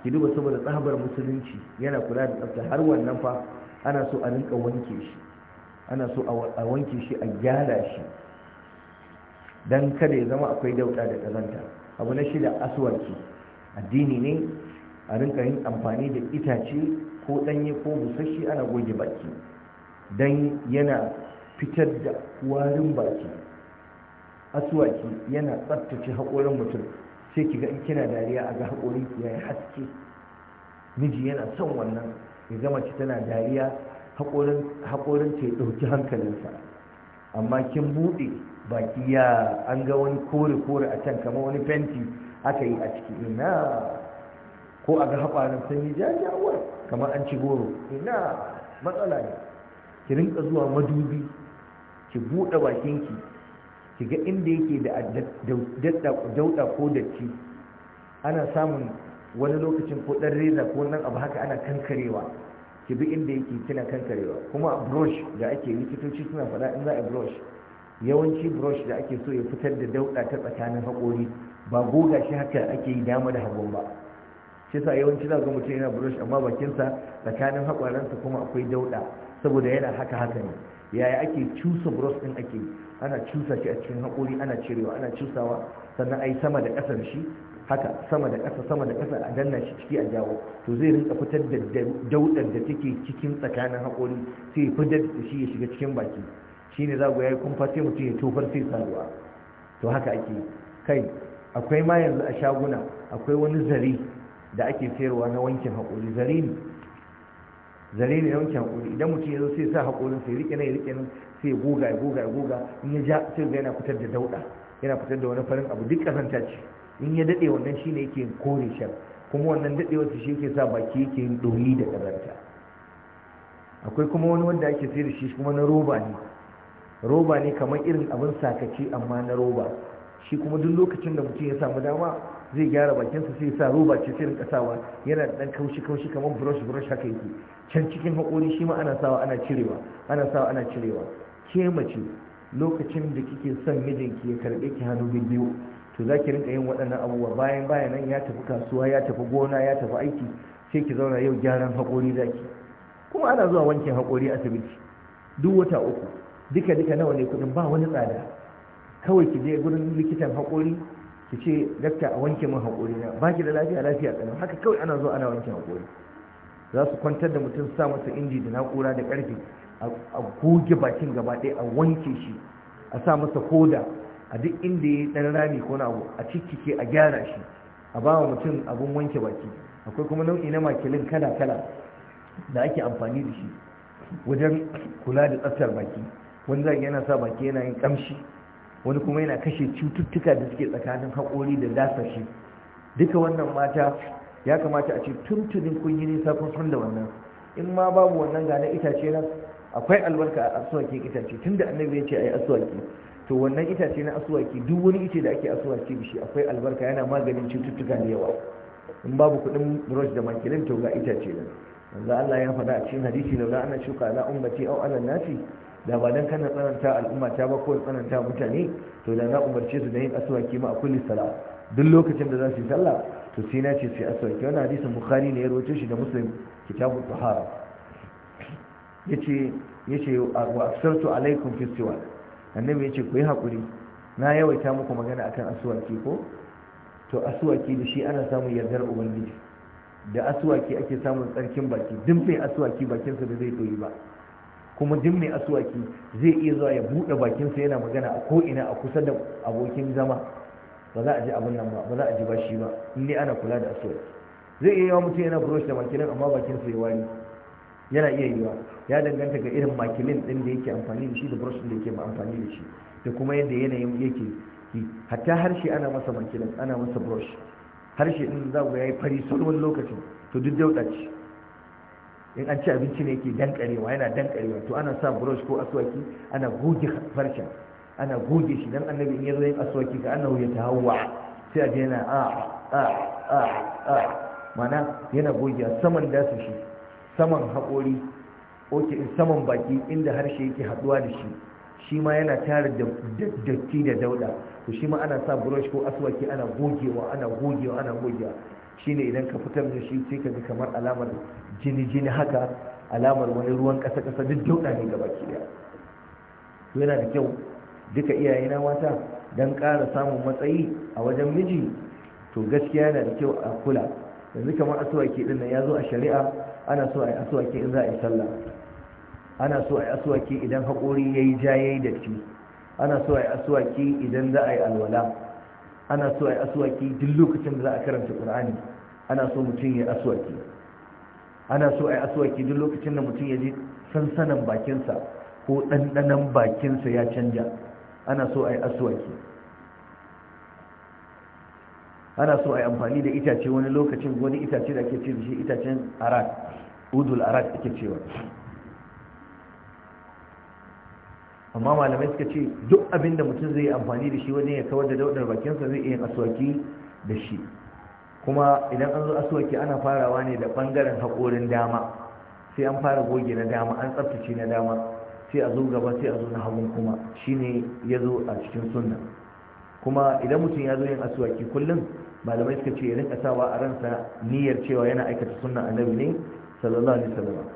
ki duba saboda tsabar musulunci yana kula da tsafta har wannan fa ana so a rinka wanke shi ana so a wanke shi a gyara shi don kada ya zama akwai dauda da kazanta abu na shida asuwarki addini ne a rinka yin amfani da itace ko ɗanye ko busasshe ana goge baki Dan yana fitar da warin baki asuwaki yana tsabtace haƙorin mutum sai kiga in kina dariya a ga haƙorin ya yi haske miji yana son wannan ya zama ci tana dariya haƙorin ta ya ɗauki hankalinsa amma kin buɗe baki ya an ga wani kore-kore a can kama wani fenti aka yi a ciki ina ko a ga haƙwarin sun yi jajawar kamar an ci goro ina matsala ne ki rinka zuwa madubi ki buɗe bakinki kiga inda yake da dauda ko datti ana samun wani lokacin ko dan reza ko nan abu haka ana kankarewa ki bi inda yake kina kankarewa kuma brush da ake likitoci suna faɗa in za a brush yawanci brush da ake so ya fitar da dauda ta tsakanin haƙori ba goga shi haka ake yi dama da hagun ba shi sa yawanci za ga mutum yana brush amma bakinsa tsakanin haƙoransa kuma akwai dauda saboda yana haka haka ne yaya ake cusa bros din ake ana cusa shi a cikin haƙuri ana cirewa ana cusawa sannan ai sama da ƙasar shi haka sama da ƙasa sama da ƙasa a danna shi ciki a jawo to zai rinka fitar da daudar da take cikin tsakanin haƙuri sai ya fitar da shi ya shiga cikin baki Shi za ku yayi kumfa sai mutum ya tofar sai saduwa to haka ake kai akwai ma yanzu a shaguna akwai wani zare da ake sayarwa na wankin haƙuri zare ne zare ne yawanci hakuri idan mutum ya zo sai sa hakurin sai rike ne ya rike nan sai goga ya goga ya goga in ya ja sai ga yana fitar da dauda yana fitar da wani farin abu duk kazanta ce in ya dade wannan shine yake kore shar kuma wannan dadewar shi yake sa baki yake yin doyi da kazanta akwai kuma wani wanda ake sayar da shi kuma na roba ne roba ne kamar irin abin sakaci amma na roba shi kuma duk lokacin da mutum ya samu dama zai gyara bakinsa sai sa roba ce sai rinka sawa yana da dan kaushi kaushi kamar brush brush haka yake can cikin haƙori shi ma ana sawa ana cirewa ana sawa ana cirewa ke mace lokacin da kike son mijinki ya karɓe ki hannu biyu to za ki rinka yin waɗannan abubuwa bayan bayan nan ya tafi kasuwa ya tafi gona ya tafi aiki sai ki zauna yau gyaran haƙori zaki kuma ana zuwa wankin haƙori asibiti duk wata uku duka duka nawa ne kuɗin ba wani tsada kawai ki je gurin likitan hakori? ki ce dakta a wanke min haƙori na ba ki da lafiya lafiya ƙanan haka kawai ana zo ana wanke haƙori za su kwantar da mutum sa masa inji da na'ura da ƙarfi a goge bakin gaba ɗaya a wanke shi a sa masa koda a duk inda ya ɗan rami ko na abu a cikike a gyara shi a ba wa mutum abun wanke baki akwai kuma nau'i na makilin kala kala da ake amfani da shi wajen kula da tsaftar baki wanda yana sa baki yana yin ƙamshi. wani kuma yana kashe cututtuka da suke tsakanin haƙori da dasashi duka wannan mata ya kamata a ce tuntunin kun yi nisa kun san da wannan in ma babu wannan gane itace na akwai albarka a asuwaki itace tunda annabi ya ce a yi asuwaki to wannan itace na asuwaki duk wani ice da ake asuwaki da shi akwai albarka yana maganin cututtuka da yawa in babu kuɗin brush da makilin to ga itace na yanzu Allah ya faɗa a cikin hadisi laula ana shuka na ummati aw ala nasi da ba dan kana tsananta al'umma ta ba ko tsananta mutane to da na umarce su da yin aswaki ma a kulli sala duk lokacin da za su yi sallah to sai na ce sai aswaki wannan hadisin bukhari ne ya rawaito shi da muslim kitabul tahara yace yace wa alaikum fi siwak annabi yace ku yi hakuri na yawaita muku magana akan aswaki ko to aswaki da shi ana samun yardar ubangiji da aswaki ake samun tsarkin baki duk mai aswaki bakinsa da zai doyi ba kuma duk mai asuwaki zai iya zuwa ya buɗe bakinsa yana magana a ko'ina a kusa da abokin zama ba za a ji abin nan ba ba za a ji ba shi ba in dai ana kula da asuwaki zai iya yawa mutum yana burosh da makilin amma bakinsa ya wari yana iya yiwa ya danganta ga irin makilin ɗin da yake amfani da shi da burosh da yake amfani da shi da kuma yadda yanayin yake hatta harshe ana masa makilin ana masa burosh harshe ɗin za ku ya yi fari sun wani lokacin to duk dauɗa ce in an ci abinci ne ke dankarewa yana dankarewa to ana sa brush ko aswaki ana goge farcen ana goge shi dan annabi in yazo yin aswaki ka annahu ya tahawwa sai aje yana a ah, a ah, a ah, a mana yana goge saman dasu shi saman haƙori oke in saman baki inda harshe yake haduwa da shi shi ma yana tara da datti da dauda to shi ma ana sa brush ko aswaki ana gogewa ana gogewa ana gogewa shine idan ka fitar da shi sai ka ji kamar alamar jini jini haka alamar wani ruwan kasa kasa duk dauda ne gaba ke to yana da kyau duka iyayena mata don ƙara samun matsayi a wajen miji to gaskiya yana da kyau a kula yanzu kamar asuwaki din nan ya zo a shari'a ana so a yi asuwaki in za a yi sallah ana so a yi asuwaki idan haƙori ya yi ja ya yi datti ana so a yi asuwaki idan za a yi alwala ana so a yi asuwaki duk lokacin da za a karanta ƙur'ani ana so mutum ya aswaki ana so a yi aswaki duk lokacin da mutum ya ji sansanin bakinsa ko ɗanɗanan bakinsa ya canja ana so a yi aswaki ana so a yi amfani da itace wani lokacin wani itace da ake ce da shi itacen arak udul arak ake cewa amma malamai suka ce duk abin da mutum zai yi amfani da shi wajen ya kawar da daudar bakinsa zai iya aswaki da shi kuma idan an zo asuwaki ana farawa ne da bangaren haƙorin dama sai an fara goge na dama an tsaftace na dama sai a zo gaba sai a zo na hagun kuma shine ya zo a cikin sunna kuma idan mutum ya zo yin asuwaki kullum malamai suka ce ya rinka sawa a ransa niyyar cewa yana aikata sunna annabi ne sallallahu alaihi wasallam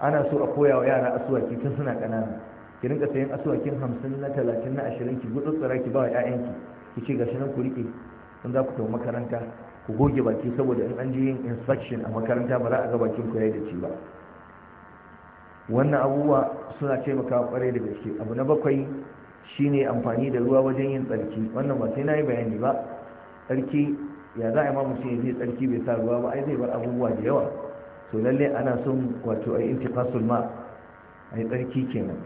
ana so a koya wa yara asuwaki tun suna ƙanana ki rinka sayan asuwakin hamsin na talatin na ashirin ki gutsutsura ki ba wa 'ya'yanki ki ce gashi nan ku riƙe in za ku tafi makaranta ku goge baki saboda in an je yin inspection a makaranta ba za a ga bakin ku yayi da ci ba wannan abubuwa suna taimakawa kwarai da gaske abu na bakwai shine amfani da ruwa wajen yin tsarki wannan ba sai na yi bayani ba tsarki ya za a ma mutum ya je tsarki bai sa ruwa ba ai zai bar abubuwa da yawa to lallai ana son wato a yi intifasul ma a yi tsarki kenan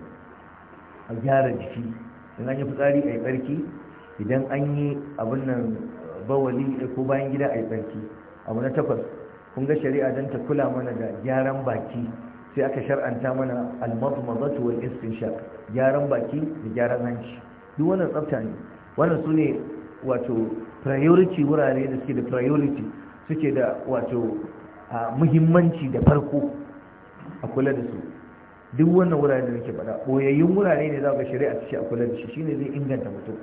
a gyara jiki idan an yi fitsari a yi tsarki idan an yi abin nan wani ko bayan gida a yi tsarki abu na takwas kun ga shari'a don ta kula mana da gyaran baki sai aka shar'anta mana almadmadatu wal istinshaq gyaran baki da gyaran hanci duk wannan tsafta ne wannan sune wato priority wurare da suke da priority suke da wato muhimmanci da farko a kula da su duk wannan wurare da nake faɗa boyayyun wurare ne za ka shari'a ta ce a kula da shi shine zai inganta mutum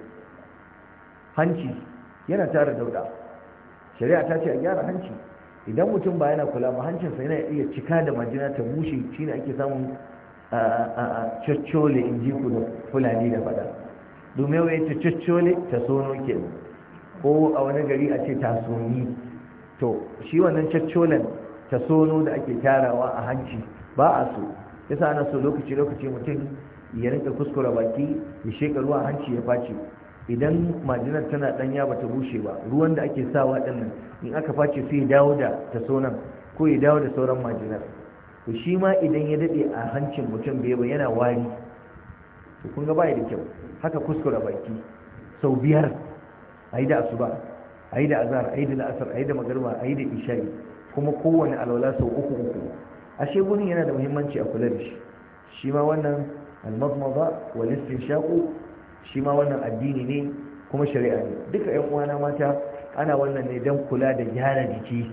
hanci yana tara dauda shari'a ta ce a gyara hanci idan mutum ba yana kula ba hancinsa yana iya cika da majina ta bushe shine ake samun cocciole in ji ku da fulani da fada domin wai ta cocciole ta sono ke ko a wani gari a ce ta soni to shi wannan cocciolen ta sono da ake tarawa a hanci ba a so yasa ana so lokaci lokaci mutum ya rinka kuskura baki ya shekaru a hanci ya face idan majinar tana danya ba ta bushe ba ruwan da ake sawa din nan in aka face sai ya dawo da tasonan ko ya dawo da sauran majinar to shi ma idan ya daɗe a hancin mutum bai ba yana wari to kun ga bai da kyau haka kuskura baki sau biyar ayi da asuba ayi da azhar ayi da la'asar ayi da magriba ayi da isha'i kuma kowane alwala sau uku uku ashe gurin yana da muhimmanci a kula da shi shi ma wannan al-madmada wal shi ma wannan addini ne kuma shari'a ne duka yan uwana mata ana wannan ne don kula da gyara jiki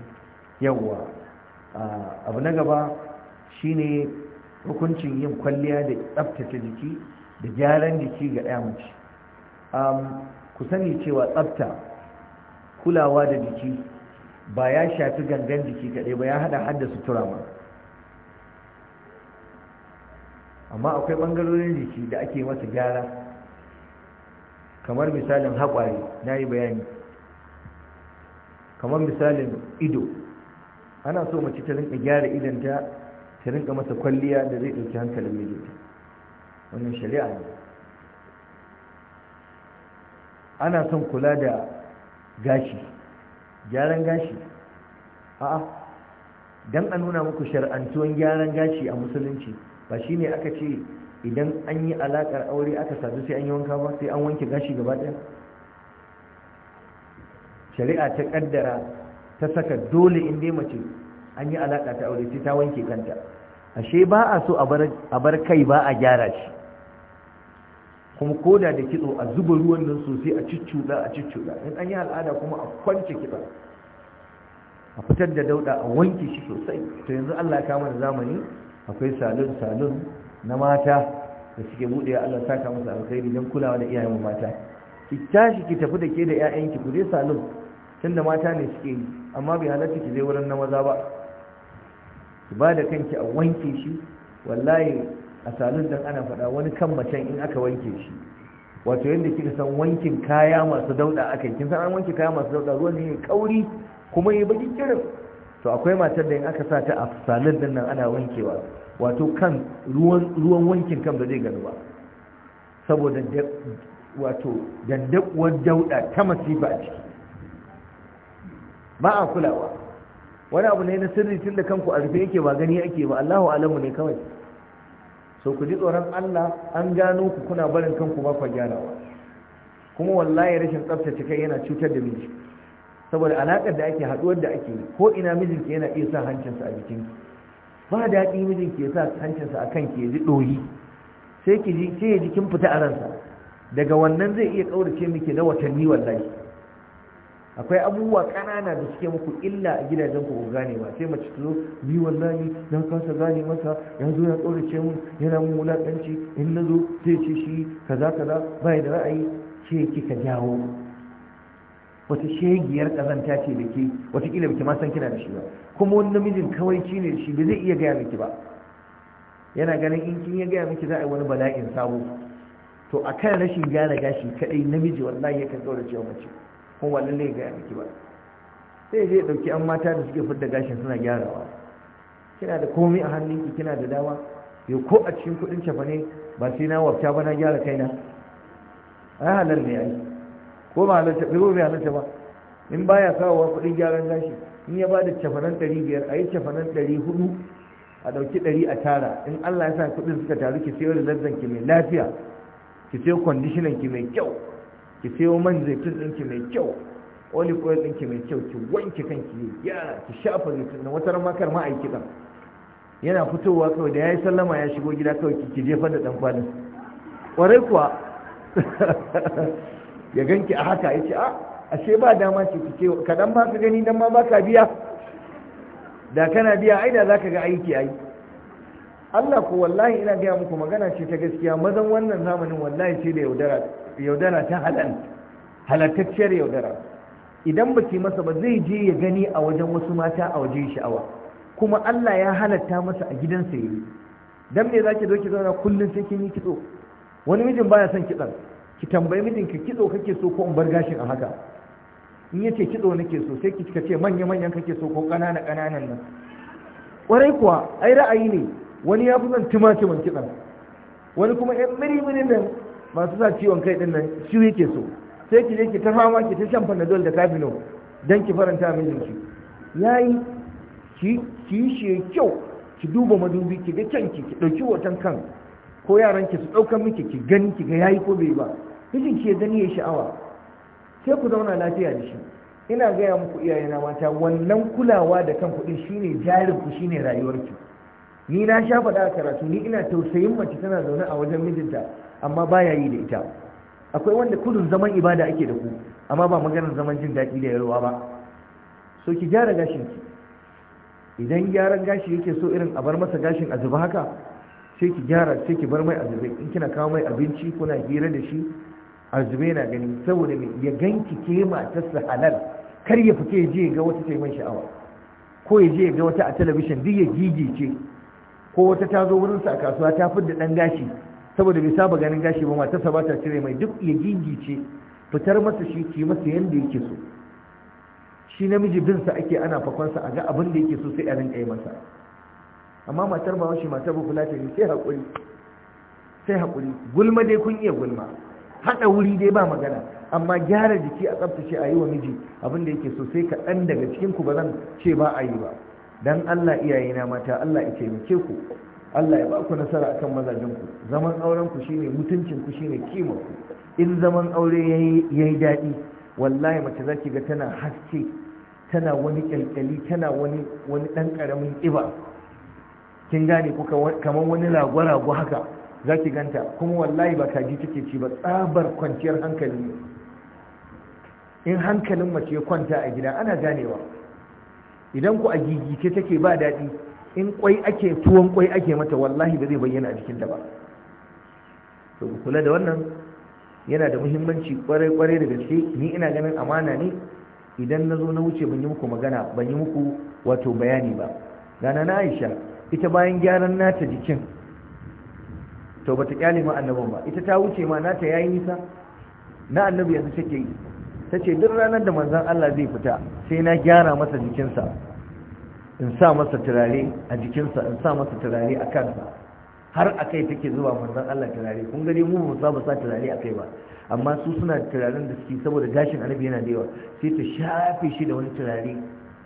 yawwa abu na gaba shine hukuncin yin kwalliya da tsaftace jiki da gyaran jiki ga ɗaya mace ku sani cewa tsafta kulawa da jiki ba ya shafi gangan jiki kaɗai ba ya haɗa hada sutura ma amma akwai ɓangarorin jiki da ake masa gyara kamar misalin haƙwari na yi bayani kamar misalin ido ana so mace ta rinka gyara idanta ta rinka masa kwalliya da zai ɗauki hankalin mijinta wannan shari'a ne ana son kula da gashi gyaran gashi a'a don a nuna muku shar'antuwan gyaran gashi a musulunci ba shine aka ce idan an yi alaƙar aure aka sadu sai an yi wanka ba sai an wanke gashi gaba ɗaya shari'a ta ƙaddara ta saka dole in dai mace an yi alaƙa ta aure sai ta wanke kanta ashe ba a so a bar kai ba a gyara shi kuma koda da kitso a zuba ruwan nan sosai a ciccuɗa a ciccuɗa in an yi al'ada kuma a kwance kitsa a fitar da dauɗa a wanke shi sosai to yanzu allah kama da zamani akwai salon salon na mata da suke buɗe Allah saka musu alkhairi don kulawa da iyayen mata ki tashi ki tafi da ke da ƴaƴanki ku je salon tunda mata ne suke yi amma bai halatta ki je wurin na maza ba ki ba da kanki a wanke shi wallahi a salon dan ana faɗa wani kan macen in aka wanke shi wato yadda kika san wankin kaya masu dauda aka kin san an wanke kaya masu dauda ruwan ne kauri kuma yi bakin kirin to akwai matar da in aka sa ta a salon din nan ana wankewa wato kan ruwan wankin kan ba zai gani ba saboda wato dandakuwar dauda ta masifa a ciki ba a kulawa wani abu ne na sirri tun da kanku a rufe yake ba gani ake ba Allahu alamu ne kawai so ku ji tsoron Allah an gano ku kuna barin kanku ba gyara gyarawa kuma wallahi rashin tsaftace kai yana cutar da miji saboda alaƙar da ake haɗuwar da ake ko ina mijinki yana iya sa hancinsa a jikinki ba daɗi mijin ke sa hancinsa a kan ke ji ɗoyi sai ki ji sai ya ji kin fita a ransa daga wannan zai iya ƙaurace miki da watanni wallahi akwai abubuwa ƙanana da suke muku illa a gidajen ku gane ba sai mace zo ni wallahi na kasa gane masa ya zo ya ƙaurace mun yana mun wulaƙanci in na zo zai ce shi kaza kaza ba da ra'ayi ce kika jawo wata shegiyar ƙazanta ce da ke watakila ba ki ma san kina da shi ba kuma wani namijin kawai shi ne shi ba zai iya gaya miki ba yana ganin in kin ya gaya miki za a yi wani bala'in sabo to a kan rashin gane gashi kadai namiji wallahi yakan da cewa mace kuma wannan ne gaya miki ba sai zai dauki an mata da suke fidda gashin suna gyarawa kina da komai a hannunki kina da dama yau ko a cikin kudin cefa ne ba sai na wafta ba na gyara kaina a halal ne ai ko ba halalta ba in baya kawowa kudin gyaran gashi in ya ba da cefanen ɗari biyar a yi cefanen ɗari hudu a ɗauki ɗari a tara in allah ya sa kuɗin suka taru ki sayo rilazzan ki mai lafiya ki sayo kwandishinan ki mai kyau ki sayo man zaitun ɗinki mai kyau olive oil ɗinki mai kyau ki wanke kan yi gyara ki shafa zaitun na wata makar ma a yi yana fitowa kawai da ya yi sallama ya shigo gida kawai ki jefar da ɗan kwanin ƙwarai kuwa ya ganki a haka ya ce a ah, ashe ba dama ce ki ce kaɗan ba ka gani dan ma ba ka biya da kana biya ai da za ka ga aiki ai Allah ko wallahi ina gaya muku magana ce ta gaskiya mazan wannan zamanin wallahi ce da yaudara yaudara ta halal halattacciyar yaudara idan ba ki masa ba zai je ya gani a wajen wasu mata a waje sha'awa kuma Allah ya halatta masa a gidansa yayi dan me zaki zo ki zauna kullum sai kin yi kitso wani mijin baya son kitsan ki tambayi mijinka kitso kake so ko in bar gashin a haka in ya ce kitso nake so sai ki ce manya manyan kake so ko kanana kananan nan kwarai kuwa ai ra'ayi ne wani ya fi son timatimin kitsan wani kuma yan miri nan masu sa ciwon kai din nan shi yake so sai ki je ki ta fama ki ta shan panadol da kafino dan ki faranta min Ya yayi ki ki shi kyau ki duba madubi ki ga kanki ki dauki hoton kan ko yaran ki su daukan miki ki gani ki ga yayi ko bai ba mijin ki ya gani ya sha'awa sai ku zauna lafiya da shi ina gaya muku iyayena mata wannan kulawa da kan kuɗi shine jarin ku shine rayuwarki ni na sha faɗa a karatu ni ina tausayin mace tana zaune a wajen mijinta amma baya yi da ita akwai wanda kudin zaman ibada ake da ku amma ba maganar zaman jin daɗi da yarwa ba so ki gyara gashin idan gyaran gashi yake so irin a bar masa gashin a zuba haka sai ki gyara sai ki bar mai a zube in kina kawo mai abinci kuna hira da shi a na yana gani saboda mai ya ganki ke matarsa halal kar ya fita ya je ga wata taiman sha'awa ko ya je ga wata a talabishin duk ya gigice ko wata ta zo wurinsa a kasuwa ta fi da ɗan gashi saboda bai saba ganin gashi ba matarsa ba ta cire mai duk ya gigice fitar masa shi ki masa yadda yake so shi namiji binsa ake ana fakonsa a ga abin da yake so sai a rinka yi masa amma matar ba shi matar ba kula ta sai haƙuri sai haƙuri gulma dai kun iya gulma haɗa wuri dai ba magana amma gyara jiki a tsaftace a yi wa miji abin da yake so sai kaɗan daga cikin ku ba zan ce ba a yi ba dan Allah iyayena mata Allah ya taimake ku Allah ya ba ku nasara akan mazajen ku zaman aurenku ku shine mutuncin ku shine kimar in zaman aure yayi yayi daɗi wallahi mace zaki ga tana haske tana wani kyalkyali tana wani wani dan karamin kiba kin gane ku kamar wani lagwarago haka za ki ganta kuma wallahi ba kaji take ci ba tsabar kwanciyar hankali ne in hankalin mace ya kwanta a gida ana ganewa idan ku a gigice take ba daɗi in kwai ake tuwon kwai ake mata wallahi ba zai bayyana a jikinta ba to ku kula da wannan yana da muhimmanci kwarai-kwarai da gaske ni ina ganin amana ne idan na zo na wuce ban yi muku magana ban yi muku wato bayani ba gana na aisha ita bayan gyaran nata jikin to bata kyale ma annaban ba ita ta wuce ma nata yayi nisa na annabi yanzu take yi tace duk ranar da manzon Allah zai fita sai na gyara masa jikinsa in sa masa turare a jikinsa in sa masa turare a kansa har akai kai take zuwa manzon Allah turare kun gani mu ba mu sa turare a kai ba amma su suna turaren da suke saboda gashin annabi yana da yawa sai ta shafe shi da wani turare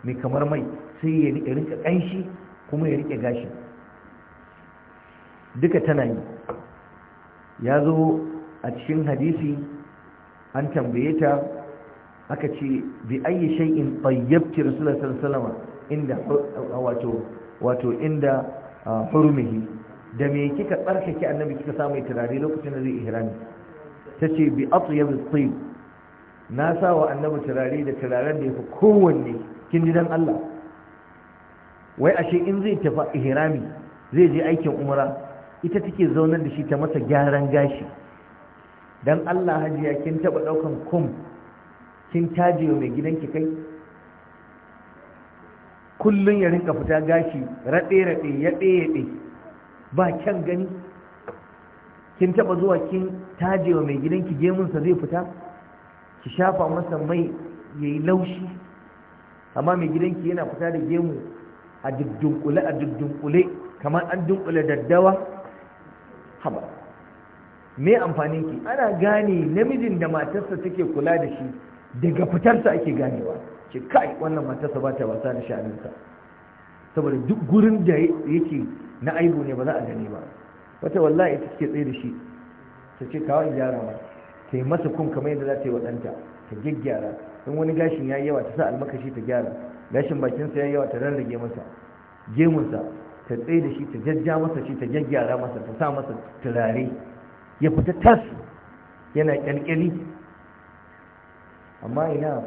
mai kamar mai sai ya rinka kanshi kuma ya rike gashin duka tana yi ya zo a cikin hadisi an tambaye ta aka ce bi ayi shay'in tayyabti rasulullahi sallallahu alaihi wasallam inda wato wato inda hurumihi da me kika tsarkake annabi kika samu turare lokacin da zai ihrami tace bi atyab at-tayyib na sa wa annabi turare da turaren da yafi kowanne kin ji dan Allah wai ashe in zai tafi ihrami zai je aikin umra ita take zaunar da shi ta masa gyaran gashi don allah hajiya kin taɓa ɗaukan kum kin taje mai gidanki kai kullum ya rinka fita gashi raɗe-raɗe ya ɗe ba kyan gani kin taɓa zuwa kin taje wa mai gidanki gemunsa zai fita ki shafa masa mai ya yi laushi amma mai gidanki yana fita da gemu a dudunkule a kamar an dukkan daddawa haba me amfanin ki ana gane namijin da matarsa take kula da shi daga fitarsa ake ganewa ce kai wannan matarsa ba ta wasa da sha'aninsa saboda duk gurin da yake na aibu ne ba za a gane ba wata wallahi ita ce tsaye da shi ta ce in gyara ma ta yi masa kun kamar yadda za ta yi wa ɗanta ta gyaggyara in wani gashin ya yawa ta sa almakashi ta gyara gashin bakinsa ya yawa ta rarrage masa gemunsa ta tsaye da shi ta jajja masa shi ta jaggyara masa ta sa masa turare ya fita tas yana kyalkyali amma ina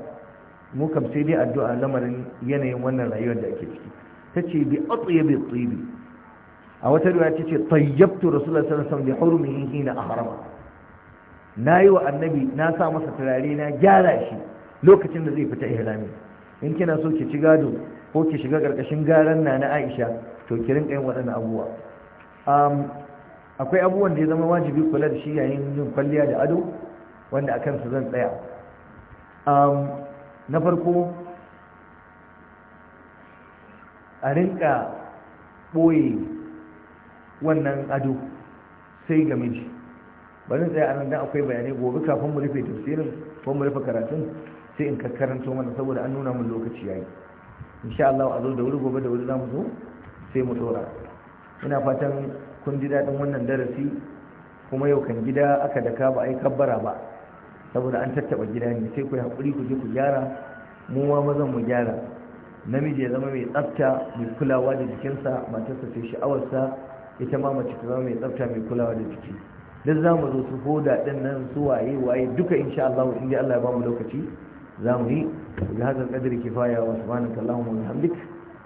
mu kam sai dai addu'a lamarin yanayin wannan rayuwar da ake ciki ta ce bi ya bi tsibi a wata ruwa ta ce tayyabtu rasulullah sallallahu alaihi wasallam bi hurumihi hina ahrama nayi wa annabi na sa masa turare na gyara shi lokacin da zai fita ihrami in kina so ki ci gado ko ki shiga karkashin garan na na Aisha to kirin ɗayan waɗannan abubuwa akwai abubuwan da ya zama wajibi kula da shi yayin yin kwalliya da ado wanda a kansu zan tsaya na farko a rinka ɓoye wannan ado sai ga miji bari tsaya a nan dan akwai bayanai gobe kafin mu rufe tafsirin ko mu rufe karatun sai in kakkaranto mana saboda an nuna mun lokaci yayi insha Allah a zo da wuri gobe da wuri za mu zo sai mu dora ina fatan kun ji daɗin wannan darasi kuma yau kan gida aka daka ba a yi kabbara ba saboda an tattaba gida ne sai ku haƙuri ku je ku gyara mu ma mazan mu gyara namiji ya zama mai tsafta mai kulawa da jikinsa matarsa sai sha'awarsa ita ma mace ta zama mai tsafta mai kulawa da jiki duk za mu zo su hoda ɗin nan su waye waye duka insha Allah in dai Allah ya ba mu lokaci za mu yi ga hazan kadari kifaya wa subhanaka Allahumma wa bihamdika